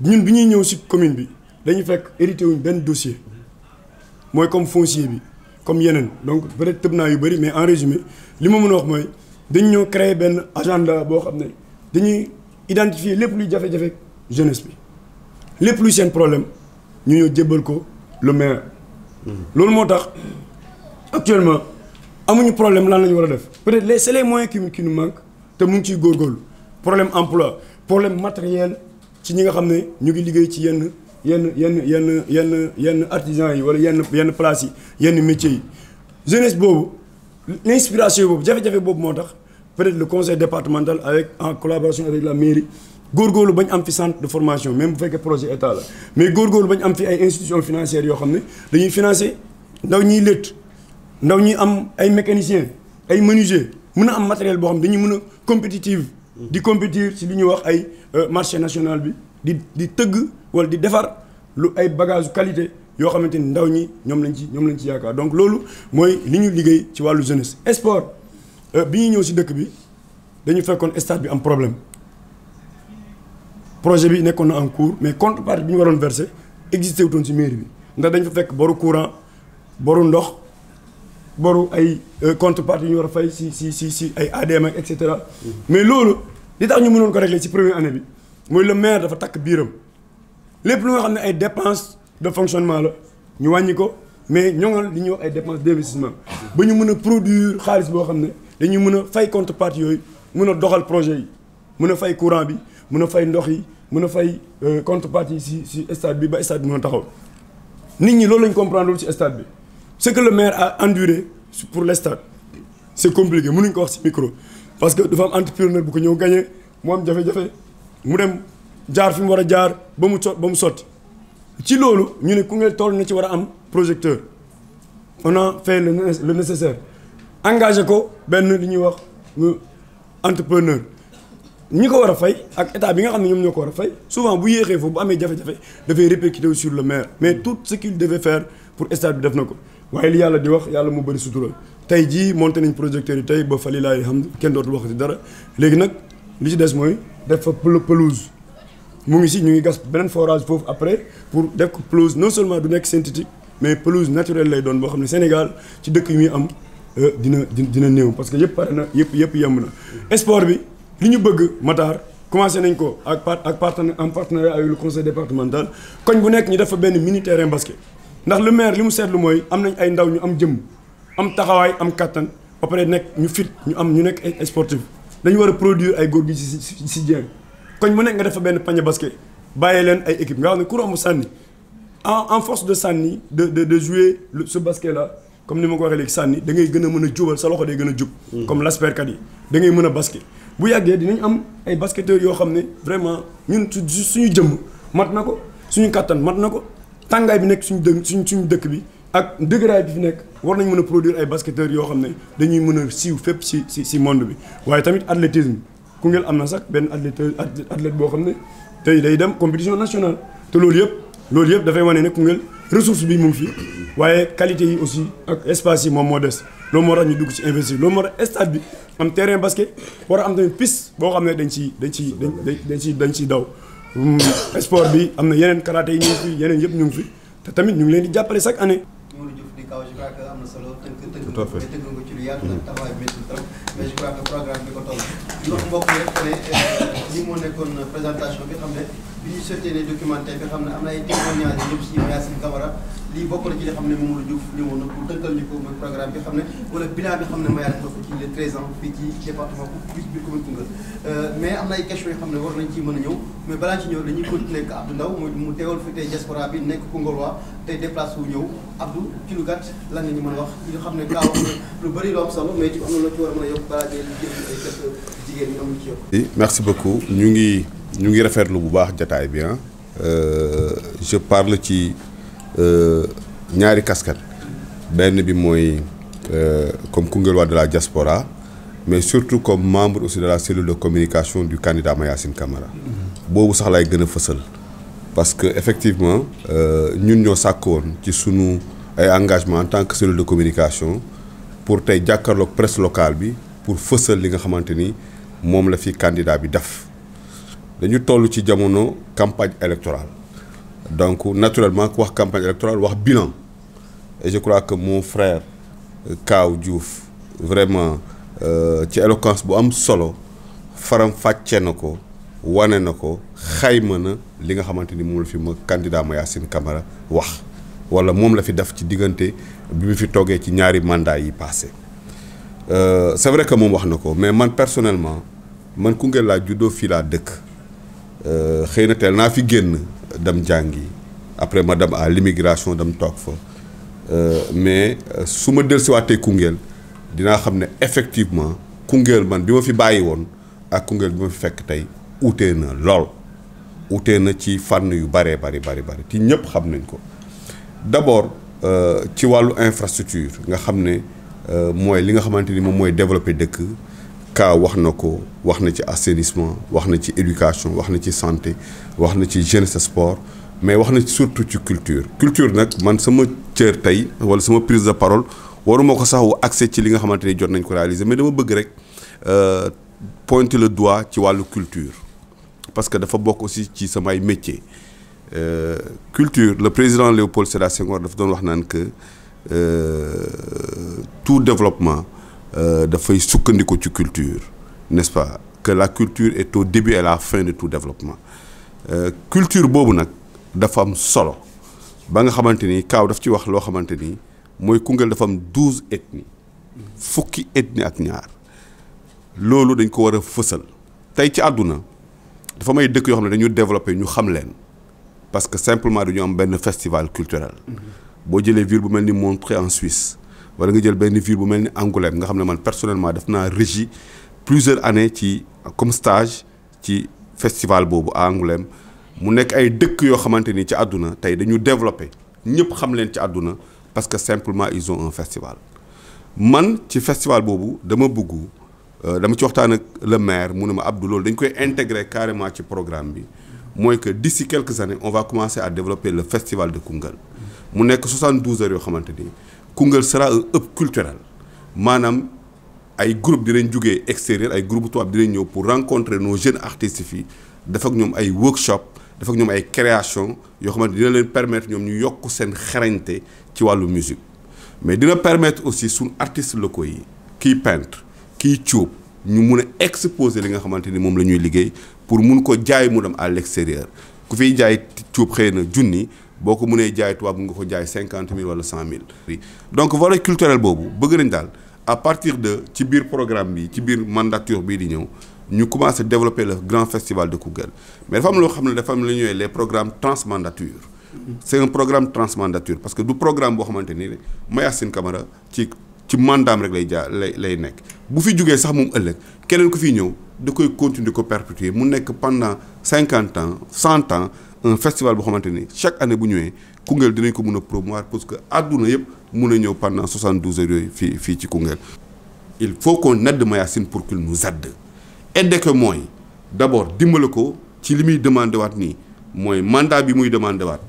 Speaker 3: ñun bi ñuy ñëw ci commune bi dañu fekk hérité wuñ benn dossier mooy comme foncier bi comme yeneen donc peut-être tëb naa yu bëri mais en résumé li ma mun a wax mooy dañu ñëw créer benn agenda boo xam ne dañuy identifier lépp luy jafe-jafe jeunesse bi lépp luy seen problème ñu ñëw jébbal ko le maire. loolu moo tax actuellement amuñu problème lan la war a def peut-être les c'est les moyens qui qui nous manquent te mu ngi ciy góorgóorlu problème emploi problème matériel ci ñi nga xam ne ñu ngi liggéey ci yenn yenn yenn yenn yenn yenn artisans yi wala yenn yenn places yi yenn métiers yi jeunesse boobu l'inspiration boobu jafe-jafe boobu moo tax peut-être le conseil départemental avec en collaboration avec la mairie góorgóorlu bañ am fi centre de formation même bu fekkee projet état la mais góorgóorlu bañ am fi ay institutions financières yoo xam ne dañuy financer ndaw ñuy létt ndaw ñi am ay mécaniciens ay menuisiers mën a am matériel boo xam ne dañuy mën a compétitive di compétir ci li ñuy wax ay euh, marché nationale bi di di tëgg walla di defar lu ay bagage qualité yoo xamante ni ndaw ñi ñoom lañ ci ñoom lañ ci yaakaar donc loolu mooy li ñu liggéey ci wàllu jeunesse sport euh, bi ñuy ñëw ci dëkk bi dañu fekkoon stade bi am problème projet bi nekkoon na en cours mais contrepartie bi ñu waroon versé existé wutoon ci mairie bi ndax dañ fa fekk boru courant boru ndox boru ay euh, contrepartie yu ñu war a fay ci ci ci ci ay ADM ak et cetera. Mm-hmm. mais loolu li tax ñu munoon ko régler ci première année bi mooy le maire dafa takk biiram lépp lu nga xam ne ay dépenses de fonctionnement la ñu wàññi ko mais ñoŋal li ñuy wax ay dépenses d'investissement ba ñu mën a produire xaalis boo xam ne dañuy mën a fay contrepartie yooyu mën a doxal projet yi mën a fay courant bi. mun a fay ndox yi mën a fay euh, contrepartie yi si si stade bi ba stade bi mën a taxaw nit ñi loolu lañ comprendre si stade bi ce que le maire a pour le stade c'est compliqué mënuñ ko wax si micro parce que dafa am entrepreneur bu ko ñëw gagné mu am jafe-jafe mu dem jaar fi mu war a jaar ba mu so ba mu sotti ci loolu ñu ne ku ngeen toll na ci war a am projecteur on a fait le nécessaire engagé ko benn li ñuy wax euh, entrepreneur ñi ko war a fay ak état bi nga xam ne ñoom ñoo ko war a fay souvent bu yéexee foofu bu amee jafe-jafe dafay répercuté sur le maire mais tout ce qu'il devait faire pour stade bi def na ko waaye li yàlla di wax yàlla mu bëri sutura tey jii monté nañ projecteurs yi tey ba fali laay xam kenn dootul waxati dara léegi nag li ci des mooy def fa pelouse mu ngi si ñu ngi gas beneen forage foofu après pour def ko pelouse non seulement du nekk synthétique mais pelouse naturelle lay doon boo xam ne Sénégal ci dëkk yu am euh, dina dina néew parce que yëpp pare yëpp yëpp yemb na sport bi li ñu bëgg Matar commencé nañ ko ak par ak partenaire en partenariat avec le conseil départemental koñ bu nekk ñu dafa benn mini terrain basket ndax le maire li mu seetlu mooy am nañ ay ndaw ñu am jëmm am taxawaay am kattan ba pare nekk ñu fit ñu am ñu nekk ay sportif dañu war a produire ay góor gi si si si Dieng koñ bu nekk nga dafa benn panier basket bàyyee leen ay équipe nga xam ne ku sànni en en force de sànni de de de jouer ce basket là comme ni ma ko waxee sànni da ngay gën a a jubal sa loxo day gën a jub. Mm. comme l'asperkat yi da mën a basket. bu yàggee dinañ am ay basketteurs yoo xam ne vraiment ñun suñu jëmm mat na ko suñu kàttan mat na ko tàngaay bi nekk suñu dë suñ suñu dëkk bi ak dëgëraay bi fi nekk war nañ mën a produire ay basketteurs yoo xam ne dañuy mën a siiw fépp si si si monde bi waaye tamit athlétisme Koungheul am na sax benn athlète athlète boo xam ne tey day dem compétition nationale te loolu yëpp loolu yëpp dafay wane ne Koungheul ressource bi mu ngi fi waaye qualité yi aussi ak espace yi moom moo des loolu moo tax ñu dugg ci investir loolu moo tax stade bi am terrain basket war a am tamit piste boo xam ne dañ ciy dañ ciy dañ ciy dañ ciy daw. Hmm, sport bi am na yeneen karaté yi ñu fi yeneen yëpp ñu ngi fi te tamit ñu ngi leen di jàppale chaque année. waaw
Speaker 2: je solo. tënk tënk nga ci lu yàgg. taxawaay bi métti
Speaker 1: trop di wax mbokk rek ne euh, *coughs* li moo nekkoon présentation bi xam ne bi ñu seetee ne documentaire bi xam ne am na ay témoignages ñëpp si Yacine Camara lii bokk na ci li xam ne Mamadou Diouf ñëwoon na pour tënkal ñu ko mooy programme bi xam ne wala bilan bi xam ne Mayane toog ci les 13 ans ci département bi biir euh, mais am na ci mën a ñëw mais balaa ci ñëw dañuy continuer ak Abdou Ndaw mu teewal fi tey diaspora bi nekk Koungheulwaa tey déplacé wu ñëw Abdou ci gàtt lan la ñu mën a wax ci nga xam ne kaa wax lu bëri jigéen
Speaker 2: ñi merci beaucoup ñu ngi ñu ngi rafetlu bu baax jataay bi ah. je parle ci euh, ñaari casquette benn bi mooy euh, comme Koungheul waa de la diaspora mais surtout comme membre aussi de la cellule de communication du candidat Mayacine Camara. Mm-hmm. boobu sax lay gën a fësal. parce que effectivement ñun ñoo sàkk ci sunu ay engagement en tant que cellule de communication pour tey jàkkaarloog presse locale bi pour fësal li nga xamante ni. moom la fi candidat bi def dañu toll ci jamono campagne électorale donc naturellement ku wax campagne électorale wax bilan et je crois que mon frère euh, Kaaw Diouf vraiment euh, ci éloquence bu am solo faram fàcce na ko wane na ko xayma na li nga xamante ni moom la fi ma candidat ma Yacine Camara wax wala moom la fi def ci diggante bi mu fi toogee ci ñaari mandat yi passé Euh, c'est vrai que moom wax na ko mais man personnellement man Koungheul laa juddoo fii laa dëkk euh, xëy na teel naa fi génn dem jàngi après ma dem à l'immigration dem toog fa euh, mais su ma dellusiwaatee Koungheul dinaa xam ne effectivement Koungheul man bi ma fi bàyyi woon ak Koungheul bi ma fi fekk tey uutee na lool uutee na ci fànn yu bëree bari bari bari te ñëpp xam nañ ko d'abord ci wàllu infrastructure nga xam ne Euh, mooy li nga xamante ni moom mooy développer dëkk ka wax na ko wax na ci assainissement wax na ci éducation wax na ci santé wax na ci jeunesse sport mais wax na surtout ci culture culture nag man sama cër tey wala sama prise de parole waruma ko sax wu accès ci li nga xamante ni jot nañ ko réaliser mais dama bëgg rek euh, pointer le doigt ci wàllu culture parce que dafa bokk aussi ci samay métier euh, culture le président Léopold Sédar Senghor dafa doon wax naan que Euh, tout développement euh, dafay sukkandiku ci culture n'est-ce pas que la culture et au début et la fin de tout développement euh, culture boobu nag dafa am solo ba nga xamante ni kaaw daf ci wax loo xamante ni mooy Koungheul dafa am douze fukki ethnie ak ñaar loolu dañ ko war a fësal tey ci àdduna dafa may dëkk yoo xam ne dañu développé ñu xam leen parce que simplement dañu am benn festival culturel boo jëlee ville bu mel ni Montreux en Suisse wala nga jël benn ville bu mel ni Angoulême nga xam ne man personnellement def naa régi plusieurs années ci comme stage ci festival boobu à Angoulême mu nekk ay dëkk yoo xamante ni ci àdduna tey dañu développé ñëpp xam leen ci àdduna parce que simplement ils ont un festival man ci festival boobu dama bëgg euh, dama ci waxtaan ak le maire mu ne ma Abdou loolu dañ koy intégré carrément ci programme bi mooy que d'ici quelques années on va commencer à développer le festival de mu nekk 72 heures yoo xamante ni Koungheul sera un hub culturel maanaam ay groupe dinañ jugee extérieur ay groupe tubaab dinañ ñëw pour rencontrer no jeunes artist fii def ak ñoom ay workshop def ak ñoom ay création yoo xamante dina leen permettre ñoom ñu yokk seen xarañte ci wàllu musique mais dina permettre aussi suñ artistes locaux yi kiy pentre kiy cuub ñu mun a exposer li nga xamante ni moom la ñuy liggéey pour mun ko jaay mu dem à l'extérieur ku fiy jaay cuub xëy na junni boo ko munee jaay tubaab nga ko jaay cinquante mille wala cent mille. donc volet culturel boobu bëgg nañ daal à partir de ci biir programme bi ci biir mandature bii di ñëw ñu commencé développer la grand festival de Koungheul mais dafa am loo xam ne dafa am lu ñuy les programmes transmandature. c' est un programme transmandature parce que du programme boo xamante ni Mayacine Camara ci ci mandaam rek lay jaa lay lay nekk bu fi jugee sax moom ëllëg keneen ku fi ñëw da koy continuer ko perpétuer mu nekk pendant cinquante ans cent ans. un festival boo xamante ni chaque année bu ñëwee Koungheul dinañ ko mën a promouvoir parce que àdduna yëpp mun a ñëw pendant 72 heures yooyu fii fii ci Koungheul. il faut qu'on aide Mayacine pour qu'il nous aide aide que mooy d'abord dimbale ko ci li muy demandé waat nii mooy mandat bi muy demandé waat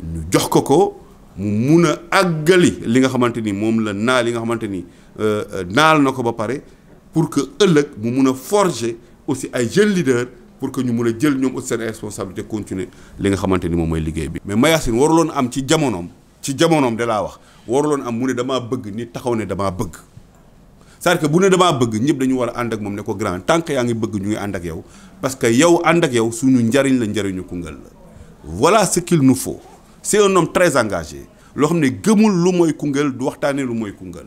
Speaker 2: ñu jox ko ko mu mun a àggali li nga xamante ni moom la naal li nga xamante ni euh, naal na ko ba pare pour que ëllëg mu mun a forger aussi ay jeunes leaders. pour que ñu mun a jël ñoom aussi seen responsabilité continuer li nga xamante ni moom mooy liggéey bi. mais Mayacine waruloon am ci jamonoom ci jamonoom da laa wax waruloon am mu ne damaa bëgg ni taxaw ne damaa bëgg cest à bu ne damaa bëgg ñëpp dañu war a ànd ak moom ne ko grand tant que yaa ngi bëgg ñu ngi ànd ak yow parce que yow ànd ak yow suñu njariñ la njariñu Koungheul la. voilà ce nu nous faut c'est un homme loo xam ne gëmul lu mooy Koungheul du waxtaanee lu mooy Koungheul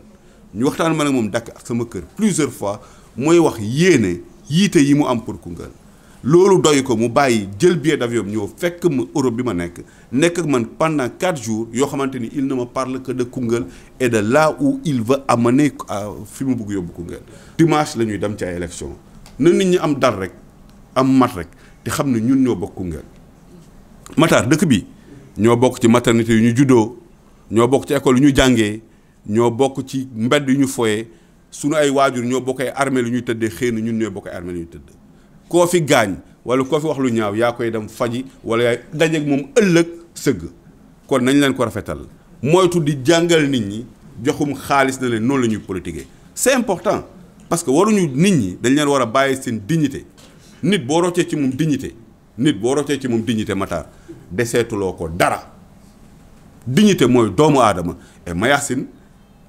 Speaker 2: ñu waxtaan ma ne moom dakk ak sama kër plusieurs fois mooy wax yéene yiite yi mu am pour Koungheul. loolu doy ko mu bàyyi jël billet d'avion ñoo fekk ma Europe bi ma nekk nekk ak man pendant quatre jours yoo xamante ni il na ma parle que de Koungheul et de là où il veut amane euh, fi mu bugg yóbbu Koungheul dimanche la ñuy dem ci ay élection na nit ñi am dal rek am mat rek te xam ne ñun ñoo bokk Koungheul Matar dëkk bi ñoo bokk ci maternité yu ñu juddoo ñoo bokk ci école yu ñu jàngee ñoo bokk ci mbedd yu ñu foyee sunu ay waajur ñoo bokk ay armée lu ñuy tëddee xëy na ñun ñoo bokk ay armée koo fi gaañ wala koo fi wax lu ñaaw yaa koy dem faji wala yaay dajeeg moom ëllëg sëgg kon nañ leen ko rafetal moytu di jàngal nit ñi joxum xaalis na leen noonu la ñuy politiquer c'est important parce que waruñu nit ñi dañ leen war a bàyyi seen dignité nit boo roccee ci moom dignité nit boo roccee ci moom dignité Matar deseetuloo ko dara dignité mooy doomu aadama ma Mayacine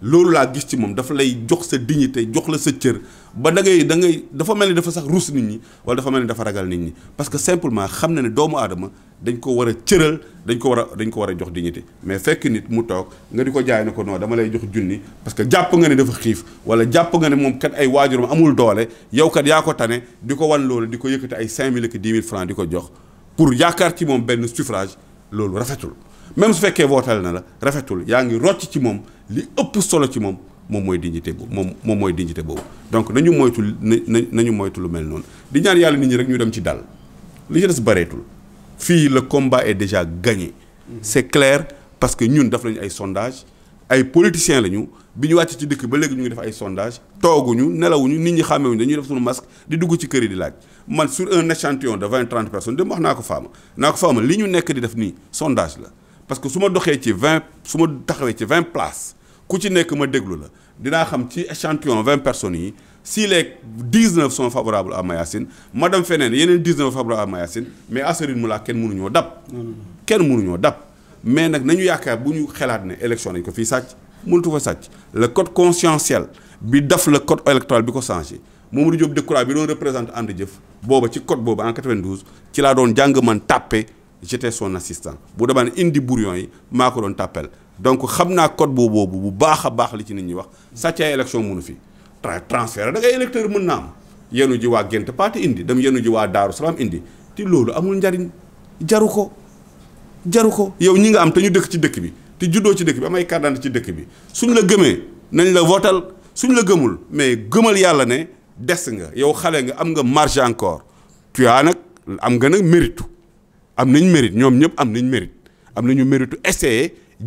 Speaker 2: loolu laa gis ci moom dafa lay jox sa dignité jox la sa cër ba da ngay da ngay dafa mel ni dafa sax ruus nit ñi wala dafa mel ni dafa ragal nit ñi parce que simplement xam na ne doomu aadama dañ ko war a cëral dañ ko war a dañ ko war a jox dignité mais fekk nit mu toog nga di ko jaay ne ko non dama lay jox junni parce que jàpp nga ne dafa xiif wala jàpp nga ne moom kat ay waajuram amul doole yow kat yaa ko tane di ko wan loolu di ko yëkkati ay 5000 ak 10 000 francs ko jox pour yaakaar ci moom benn suffrage loolu rafetul même su fekkee votal na la rafetul yaa ngi rocc ci moom li ëpp solo ci moom moom mooy dignité boobu moom moom mooy dignité boobu donc nañu moytu na nañu moytu lu mel noonu di ñaan yàlla nit ñi rek ñu dem ci dal li ci des bareetul fii la combat est déjà gagné. c'est clair parce que ñun daf lañu ay sondage ay politiciens lañu bi ñu wàcc ci dëkk ba léegi ñu ngi def ay sondage tooguñu nelawuñu nit ñi xàmmewuñu dañuy def suñu masque di dugg ci kër yi di laaj man sur un échantillon de vingt trente personnes dem wax naa ko faama naa ko faama li ñu nekk di def nii sondage la parce que su ma doxee ci vingt su ma taxawee ci vingt places. ku ci nekk ma déglu la dinaa xam ci échantillon vingt personnes yi si les dix neuf sont favorables à Mayacine ma dem feneen yeneen dix neuf favorables à Mayacine mais à ce rythme-là kenn mënuñoo dab. kenn mënuñoo dab mais nag nañu yaakaar bu ñu xalaat ne élection nañ ko fii sàcc mënatu fa sàcc le code conscientiel bi daf la code électoral bi ko changé Mamadou Diop Decroix bi doon représente ànd jëf booba ci code boobu en 92 ci laa doon jàng man tàppe j'étais son assistant bu demee indi brouillon yi maa ko doon tàppel. donc xam naa code boobu bu baax a baax li ci nit ñi wax sàcc ay élection mënu fi transfert da ngay électeur mën naa am yenu ji waa Gént Pathé indi dem yenu ji waa Daaru indi ti loolu amul njariñ jaru ko jaru ko yow ñi nga am te ñu dëkk ci dëkk bi te juddoo ci dëkk bi amay carte d'identité ci dëkk bi suñ la gëmee nañ la votal suñ la gëmul mais gëmal yàlla ne des nga yow xale nga am nga marge encore tu nag am nga nag méritu am nañ mérite ñoom ñëpp am nañ mérite am nañu méritu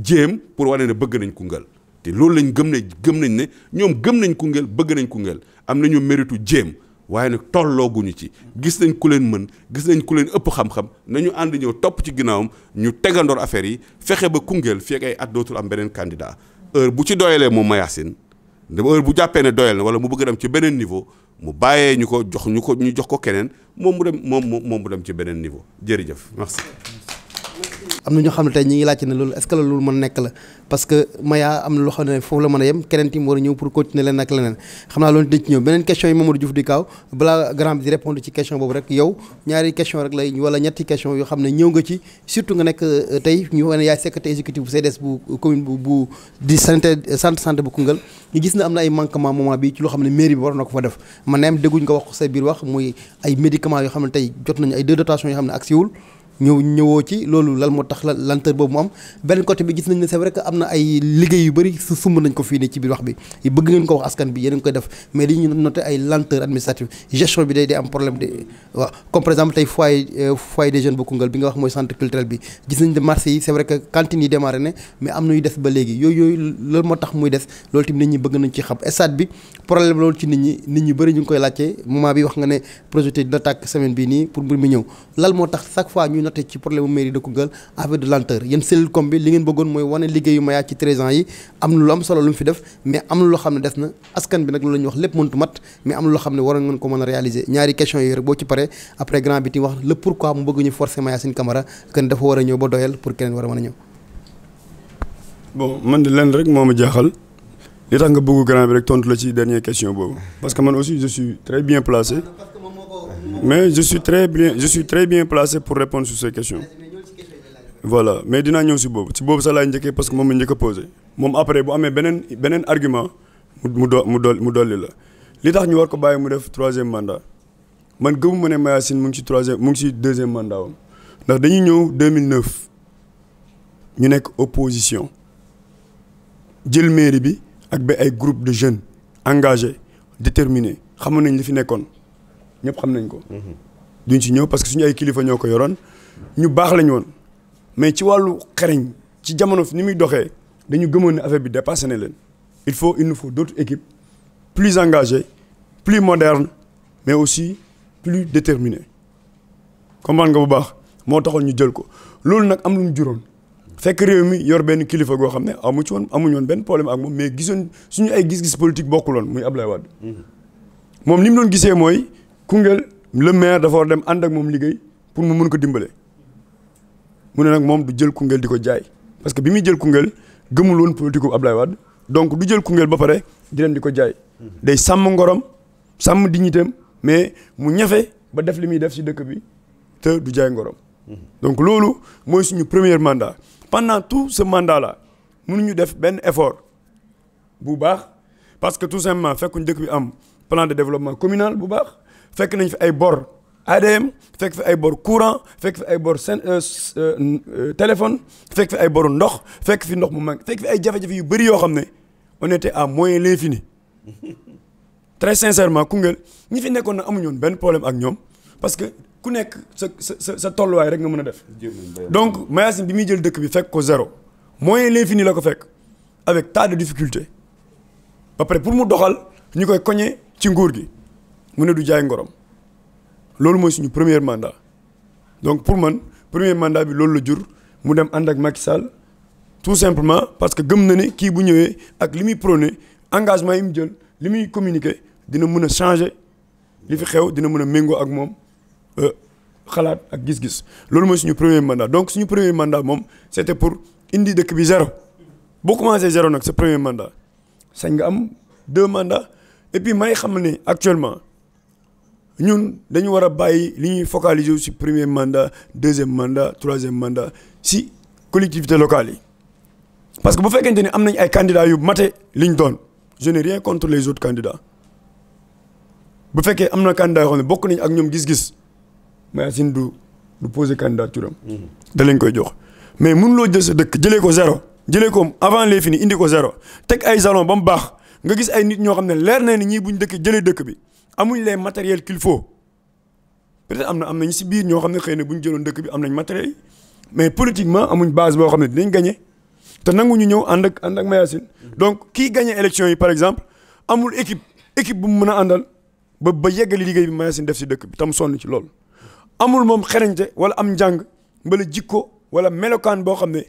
Speaker 2: jéem pour wane ne bëgg nañ Koungheul te loolu lañ gëm ne gëm nañ ne ñoom gëm nañ Koungheul bëgg nañ Koungheul am nañu méritu jéem waaye nag tollooguñu ci gis nañ ku leen mën gis nañ ku leen ëpp xam-xam nañu ànd ñëw topp ci ginnaawam ñu tegandoor affaire yi fexe ba Koungheul fi ak ay at dootul am beneen candidat heure bu ci doyalee moom Mayacine heure bu jàppee ne doyal na wala mu bëgg dem ci beneen niveau mu bàyyee ñu ko jox ñu ko ñu jox ko keneen moom mu dem moom moom mu dem ci beneen niveau jërëjëf merci
Speaker 1: am na ñoo xam ne tey ñi ngi laajte ne loolu est-ce que loolu mën nekk la parce que am na loo xam ne foofu la mën a yem keneen tim war a ñëw pour continuer leen ak leneen xam naa loolu dinañ ne ñëw nga ci surtout nga nekk euh, tey ñu wane yaay bu CDS bu euh, commune bu bu di santé centre bi ci loo xam ne mairie bi war na ko fa def man na dégguñ nga wax sa biir wax muy ay médicaments yoo xam ne tey jot nañu ay deux dotations yoo xam ne agsiwul ñëw ñëwoo ci loolu lan moo tax lan lenteur boobu mu am beneen côté bi gis nañ ne c'est vrai que am na ay liggéey yu bëri su sumb nañ ko fii nii ci biir wax bi bëgg ngeen ko wax askan bi a ngi koy bi day day euh, yooyu yooyu loolu moo tax muy des loolu tamit nit ñi bëgg nañ ci xam stade bi problème loolu ci nit ñi nit ñi bëri ñu ngi koy laajte moment bi wax nga ne projeté dina tàkk semaine bii nii pour mbir mi ñëw lan moo tax chaque fois ñu te ci problème mairie de Koungheul avec de lenteur yéen cellule com bi li ngeen bëggoon mooy wane liggéeyu Maya ci 13 ans yi am na lu am solo lu mu fi def mais am na loo xam ne def na askan bi nag loolu la wax lépp mëntu mat mais am na loo xam ne waroon ngeen ko mën a réaliser ñaari question yooyu rek boo ci ti wax le pourquoi mu bëgg ñu forcer Maya Sine kenn dafa war a ñëw ba doyal pour keneen war a mën a ñëw
Speaker 3: bon man de lenn rek moo ma jaaxal li tax nga bëgg grand bi rek mais je suis très bien je suis très bien placé pour répondre sur ces questions voilà mais dinaa ñëw si boobu si boobu sax laay njëkkee parce que moom la njëkk a moom après bu amee beneen beneen argument mu do mu do mu dolli la li tax ñu war ko bàyyi mu def troisième mandat man gëmu ma ne Mayacine mu ngi si troisième mu ngi si deuxième mandat wam ndax dañuy ñëw 2009 ñu nekk opposition jël mairie bi ak ba ay groupe de jeunes engagés déterminés xamoon nañ li fi nekkoon. ñëpp xam nañ ko. duñ ci ñëw parce que ñu ay kilifa ñoo ko yoroon ñu baax lañu woon mais ci wàllu xereñ ci jamono ni muy doxee dañu gëmoon ne affaire bi dépassé na leen il faut il nous faut d'autres équipes plus engagées plus modernes mais aussi plus déterminées comprendre nga bu baax moo taxoon ñu jël ko loolu nag am lu mu juróon fekk réew mi yor benn kilifa goo xam ne amu ci woon amuñu woon benn problème ak moom mais gisoon suñu ay gis-gis politique bokkuloon muy Ablaye Wade moom ni mu doon gisee mooy. Koungheul le maire dafa war dem ànd moom liggéey pour mu mun ko dimbale mu ne nag moom du jël Koungheul di ko jaay parce que bi muy jël Koungheul gëmul woon politique bu Ablaye Wade donc du jël Koungheul ba pare di leen di ko jaay day sàmm ngorom sàmm di dignitéem mais mu ñafe ba def li muy def si dëkk bi te du jaay ngorom donc loolu mooy suñu première mandat pendant tout ce mandat là mënuñu def benn effort bu baax parce que tout simplement fekkuñ dëkk bi am plan de communal bu baax fekk nañ fi ay bor ADM fekk fi ay bor courant fekk fi ay bor seen euh, euh, euh, téléphone fekk fi ay bor ndox fekk fi ndox mu mag fekk fi ay jafe-jafe yu bëri yoo xam ne on était à moyen l'infini *laughs* très sincèrement Koungheul ñi fi nekkoon na amuñu benn problème ak ñoom parce que ku nekk sa sa sa tolluwaay rek nga mun a def. donc Mayacine bi muy jël dëkk bi fekk ko zéro moyen l'infini la ko fekk avec tas de difficultés ba pare pour mu doxal ñu koy koñe ci nguur gi. mu ne du jaay ngorom loolu mooy suñu premier mandat donc pour man premier mandat bi loolu la jur mu dem ànd ak Macky Sall tout simplement parce que gëm na ne kii bu ñëwee ak li muy prôné engagement yi mu jël li muy communiqué dina mun a changer li fi xew dina mun a méngoo ak moom euh, xalaat ak gis-gis loolu mooy suñu premier mandat donc suñu premier mandat moom c'était pour indi dëkk bi zéro boo commencé zéro nag sa premier mandat sañ nga am deux mandats et puis may xam ne actuellement ñun dañu war a bàyyi li ñuy focaliser wu si premier mandat deuxième mandat troisième mandat si collectivité locale yi parce que bu fekkente ni am nañ ay candidats yu mate li ñu doon je n'ai rien contre les autres bu fekkee am na candidat yoo xam ne bokk nañ ak ñoom gis-gis Mayacine du du poser candidature am. Mm-hmm. da lañ koy jox mais mënuloo jël sa dëkk jëlee ko zéro jëlee ko avant les fini indi ko zéro teg ay salon ba mu baax nga gis ay nit ñoo xam ne leer na ni ñii buñ dëkk jëlee dëkk bi. amuñ les matériels qu'il faut peut-être am na am nañ si biir ñoo xam ne xëy na bu ñu jëloon dëkk bi am nañ matériels yi mais politiquement amuñ base boo xam ne dinañ gagné te ñu ñëw ànd ak ànd ak Mayacine donc kii gagné élection yi par exemple amul équipe équipe bu mu mën a àndal ba ba yeggali liggéey bi Mayacine def si dëkk bi tam sonn ci loolu amul moom xerañte wala am njàng mbala jikko wala melokaan boo xam ne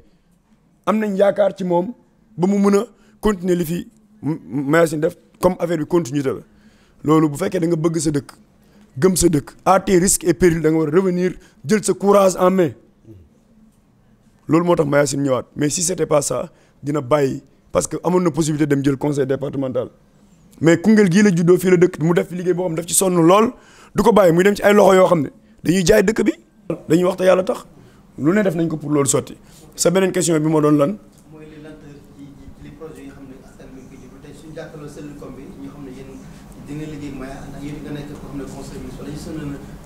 Speaker 3: am nañ yaakaar ci moom ba mu mën a continuer li fi Mayacine def comme affaire bi continuité la loolu bu fekkee da nga bëgg sa dëkk gëm sa dëkk à risque risques et périls da nga war revenir jël sa courage en main loolu moo tax Mayacine ñëwaat mais si c'était pas ça dina bàyyi parce que amoon na possibilité dem jël conseil départemental mais Koungheul gii la juddoo fii la dëkk mu def liggéey boo xam daf ci sonn lool du bàyyi muy dem ci ay loxo yoo xam ne dañuy jaay dëkk bi dañuy wax te yàlla tax lu ne def nañ ko pour loolu sotti sa beneen question bi moo doon lan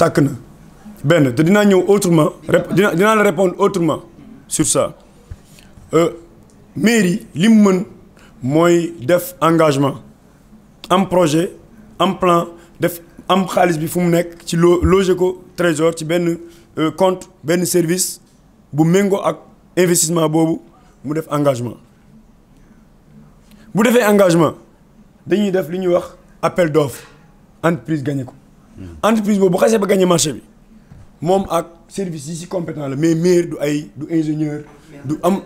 Speaker 3: tàkk na benn te dinaa ñëw autrement dina dinaa la répondre autrement sur ça euh, mairie li mën mooy def engagement am projet am plan def am xaalis bi fu mu nekk ci lo loger ko trésor ci benn euh, compte benn service bu méngoo ak investissement boobu mu def engagement bu defee engagement dañuy def li ñuy wax appelle d'offre entreprise gagné ko entreprise boobu bu xasee ba gagné marché bi moom ak service yi si compétent la mais maire du ay du ingénieur du am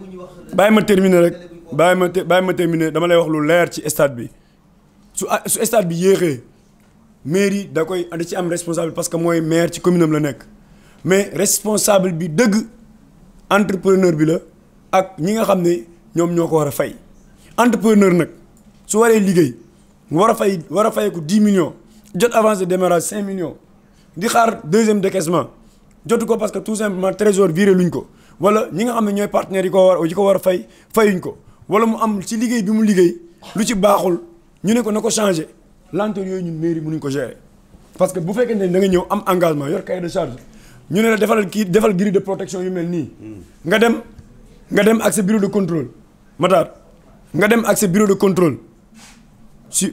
Speaker 3: bàyyi ma terminer rek bàyyi ma bàyyi ma terminer dama lay wax lu leer ci stade bi su su stade bi yéexee maire yi da koy da ci am responsable parce que mooy mair ci commune am la nekk mais responsable bi dëgg entrepreneur bi la ak ñi nga xam ni ñoom ñoo ko war a fay entrepreneur nag su waree liggéey war a fay war a fay ko 10 millions jot avance de démarrage 5 millions di xaar deuxième décaissement jot ko parce que tout simplement trésor viré luñ ko wala ñi nga am ne ñooy partenaires yi ko war yi ko war a fay fayuñ ko wala mu am ci liggéey bi mu liggéey lu ci baaxul ñu ne ko na ko changé lenteur yooyu ñun mairie mënuñ ko gérer parce que bu fekkee ne da nga ñëw am engagement yor cahier charge ñu ne la defal kii defal grille de protection yu mel nii hmm. nga dem nga dem ak sa bureau de contrôle Matar nga dem ak sa de contrôle si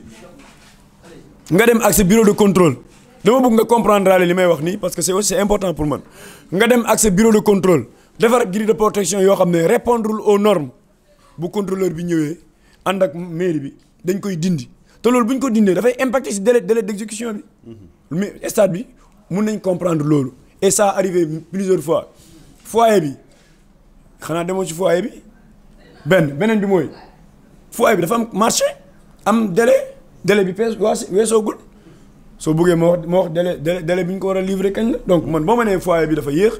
Speaker 3: nga dem ak sa bureau de contrôle dama bëgg nga comprendre li may wax nii parce que c'est aussi important pour man nga dem ak sa bureau de contrôle defar grille de protection yoo xam ne répondre aux normes bu contrôleur bi ñëwee ànd ak mairie bi dañ koy dindi te loolu bu ñu ko dindee dafay impacter ci délai délai d'exécution bi mhm. mais stade bi mun nañ comprendre loolu et ça arrivé plusieurs fois foyer bi xanaa demoo ci foyer bi benn beneen bi mooy dafa marché am délai délai bi pees waa weesoogul soo bëggee moo wax ma wax délai délai délai bi ñu ko war a livrer kañ la donc man boo ma nee foyer bi dafa yéex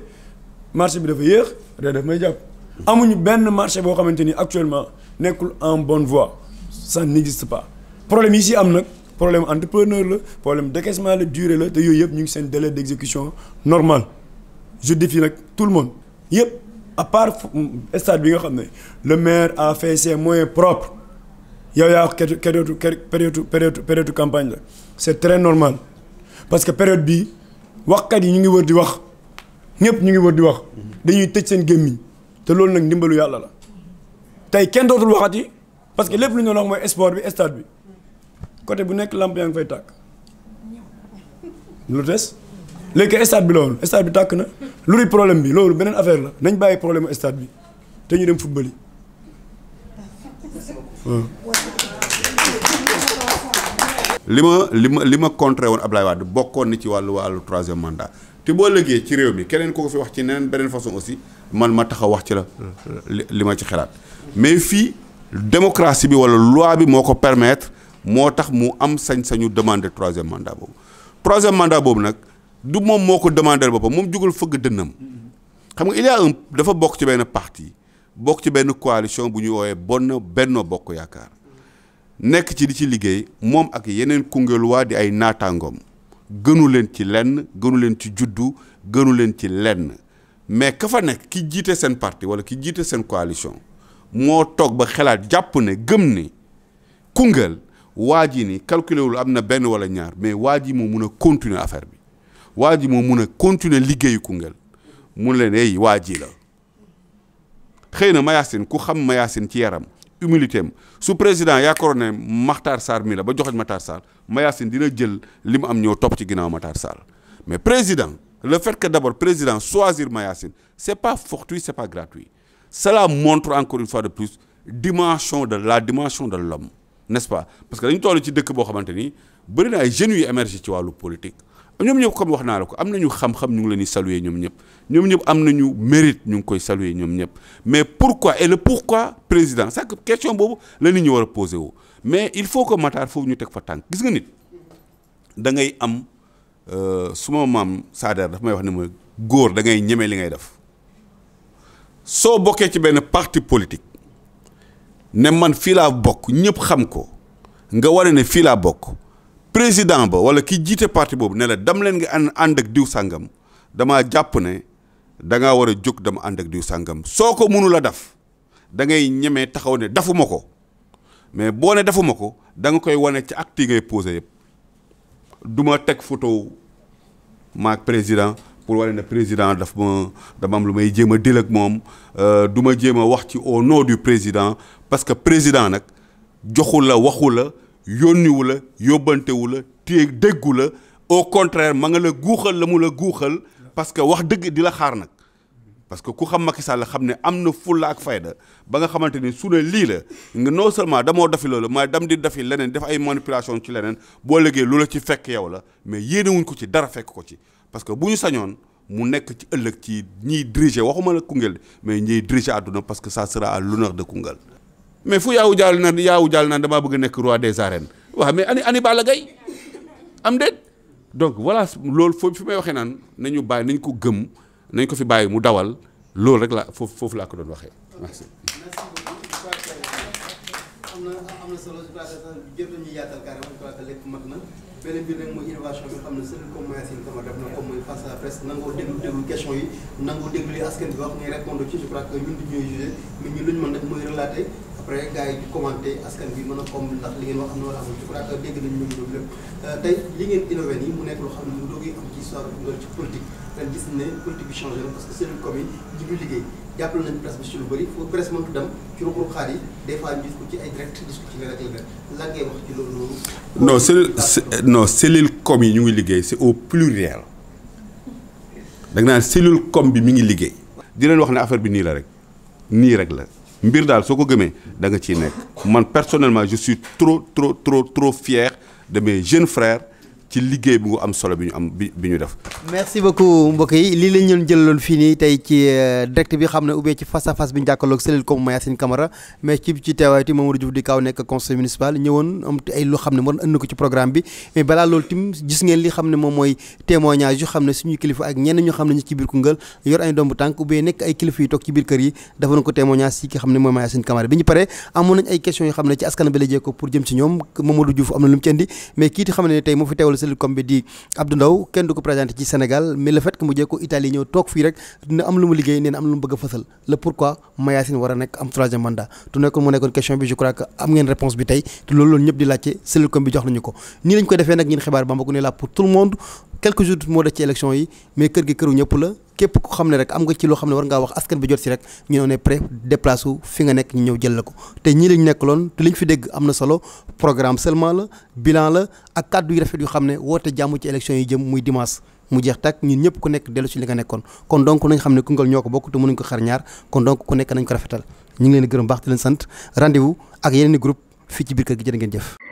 Speaker 3: marché bi dafa yéex day daf may jàpp. amuñu benn marché boo xamante ni actuellement nekkul en bonne voie ça n'existe pas problème yi si am nag problème entrepreneur la problème décaissement la durée la te yooyu yëpp ñu ngi seen délai d'exécution normal je fii nag tout le monde yëpp à part stade bi nga xam ne le maire a fait ses moyens propres. yow yaa wax période période période période campagne la c'est très normal parce que période bii waxkat yi ñu ngi wër di wax ñëpp ñu ngi wër di wax dañuy tëj seen gémmiñ te loolu nag ndimbalu yàlla la tey kenn dootul waxat yi parce que lépp lu ñu doon wax mooy sport bi stade bi côté bu nekk lamp yaa ngi fay tàkk lu des léegi stade bi la woon stade bi tàkk na lu luy problème bi loolu beneen affaire la nañ bàyyi problème stade bi te ñu dem
Speaker 2: li ma li ma li ma contré woon Ablaye Wade bokkoon na ci wàllu wàllu troisième mandat te boo lëggee ci réew mi keneen ko ko fi wax ci neneen beneen façon aussi man ma taxaw wax ci la li ma ci xalaat mais fii démocratie bi wala loi bi moo ko permettre moo tax mu am sañ-sañu demander troisième mandat boobu troisième mandat boobu nag du moom moo ko demander boppam moom jugul fëgg dënnam xam nga il y dafa bokk ci benn parti bokk ci benn coalition bu ñu woowee bonn Benno Bokk Yaakaar nekk ci di ci liggéey moom ak yeneen Kounguelwaa di ay naataangoom gënu leen ci lenn gënu leen ci juddu gënu leen ci lenn mais ka fa nekk ki jiite seen parti wala ki jiite seen coalition moo toog ba xelaat jàpp ne gëm ni Koungheul waa ji ni calculé wul am na benn wala ñaar mais waa ji moo mun a continuer affaire bi waa ji moo mun a continuer liggéeyu Koungheul mun leen ay waa ji la xëy na Mayacine ku xam Mayacine ci yaram humilité su président yaakaaroon ne Makhtar Sarr mi la ba joxoñ Makhtar Sarr Mayacine dina jël li mu am ñëw topp ci ginnaaw Makhtar Sarr mais président le fait que d' abord président choisir Mayacine c' est pas fortuit c' est pas gratuit cela montre encore une fois de plus dimension de la dimension de l'homme n'est-ce pas parce que dañu toll ci dëkk boo xamante ni bëri na ay jeunes yu émergé ci wàllu politique ñoom ñëpp comme wax naa la ko am nañu xam-xam ñu ngi leen di saluer ñoom ñëpp ñoom ñëpp am nañu mérite ñu ngi koy saluer ñoom ñëpp mais pourquoi et le pourquoi président sax question boobu la nit ñi war a posé woo mais il faut que Matar foofu ñu teg fa tànk gis nga nit da ngay am euh, suma maam Saadar daf may wax ne ma góor da ngay ñeme li ngay def soo bokkee ci benn parti politique ne man fii laa bokk ñëpp xam ko nga wane ne fii laa bokk. président ba wala ki jiite parti boobu ne la dam leen nga ànd ak diw sàngam damaa jàpp ne da ngaa war a jóg dama ànd ak diw sàngam soo ko mënul a daf da ngay ñemee taxaw ne dafuma ko mais boo ne dafuma ko da nga koy wane ci acte yi ngay posé yëpp du ma teg photo maak président pour wane ne président daf ma dama am lu may jéem a dil ak moom euh, du ma jéem a wax ci au nom du président parce que président nag joxu la waxu la yónniwu la yóbbantewu la téye déggu la au contraire ma nga la guuxal la mu la guuxal parce que wax dëgg di la xaar nag parce que ku xam Macky la xam ne am na fulla ak fayda ba nga xamante ni su ne lii la nga non seulement damoo dafi loolu mais dam di dafi leneen def ay manipulation ci leneen boo légee lu la ci fekk yow la mais yéenewuñ ko ci dara fekk ko ci parce que bu ñu sañoon mu nekk ci ëllëg ci ñiy diriger waxuma la Koungheul mais ñiy diriger àdduna parce que ça sera à l'honneur Koungheul mais fu yaawu jaal naan yaawu jaal naan damaa bëgg nekk roi des arènes waaw mais ani ani Balla Gaye am déet donc voilà loolu foofu fi may waxee naan nañu bàyyi nañ ko gëm nañ ko fi bàyyi mu dawal loolu rek la foofu foofu laa ko doon waxee merci. am
Speaker 1: yi après gars yi di commenté askan bi mën a comme ndax li ngeen wax am na wala amul je crois dégg nañ euh, nii mu nekk loo xam ne mu doog am ci histoire loolu ci politique ren ne politique bi changé parce que cellule commune yi ñu gis ko ci loolu loolu
Speaker 2: non cellule yi ñu ngi liggéey c'est au pluriel da nga naan cellule bi mi ngi liggéey di leen wax ne affaire bi nii la rek nii rek la mbir daal soo ko gëmee danga nga ciy nekk man personnellement je suis trop trop trop trop fier de mes jeunes frères ci liggéey bu am solo bi ñu am bi bi ñu def.
Speaker 1: merci beaucoup mbokk yi lii la ñu fii nii tey ci euh, direct bi xam ne ubbee ci face à face bi ñu jàkkaarloog ko ci programme bi Camara bi ñu paree amoon nañ ay questions yoo xam ne ci askan bi ko pour jëm ci ñoom Mamadou Diouf am na lu mu ci mais kii xam ne tey moo fi teewal silicom bi di Abdou Ndaw kenn du ko présenté ci Sénégal mais le fait que mu ko Italie ñëw toog fii rek dina am lu mu liggéey nee am lu mu bëgg fësal le pourquoi Mayacine war a nekk am troisième mandat tu nekkoon mu nekkoon question bi je am ngeen réponse bi tey te loolu loolu ñëpp di laajte silicom bi jox nañu ko nii lañ koy defee nag ñun xibaar Bambacounda la pour tout le monde quelques jours moo def ci élection yi mais kër gi képp ku xam ne rek am nga ci loo xam ne war ngaa wax askan bi jot si rek ñu ne pré déplacé wu fi nga nekk ñu ñëw jël la ko te ñii lañ nekk loon te liñ fi dégg am na solo programme seulement la bilan la ak kàddu yu rafet yu xam ne woote jàmm ci élection yi jëm muy dimanche mu jeex tàkk ñun ñëpp ku nekk dellu si li nga nekkoon kon donc nañ xam ne Koungheul ñoo ko bokk te mënuñ ko xar ñaar kon donc ku nekk nañ ko rafetal ñu ngi leen gërëm baax di leen sant ak yeneen i fii ci biir kër gi jërë ngeen jëf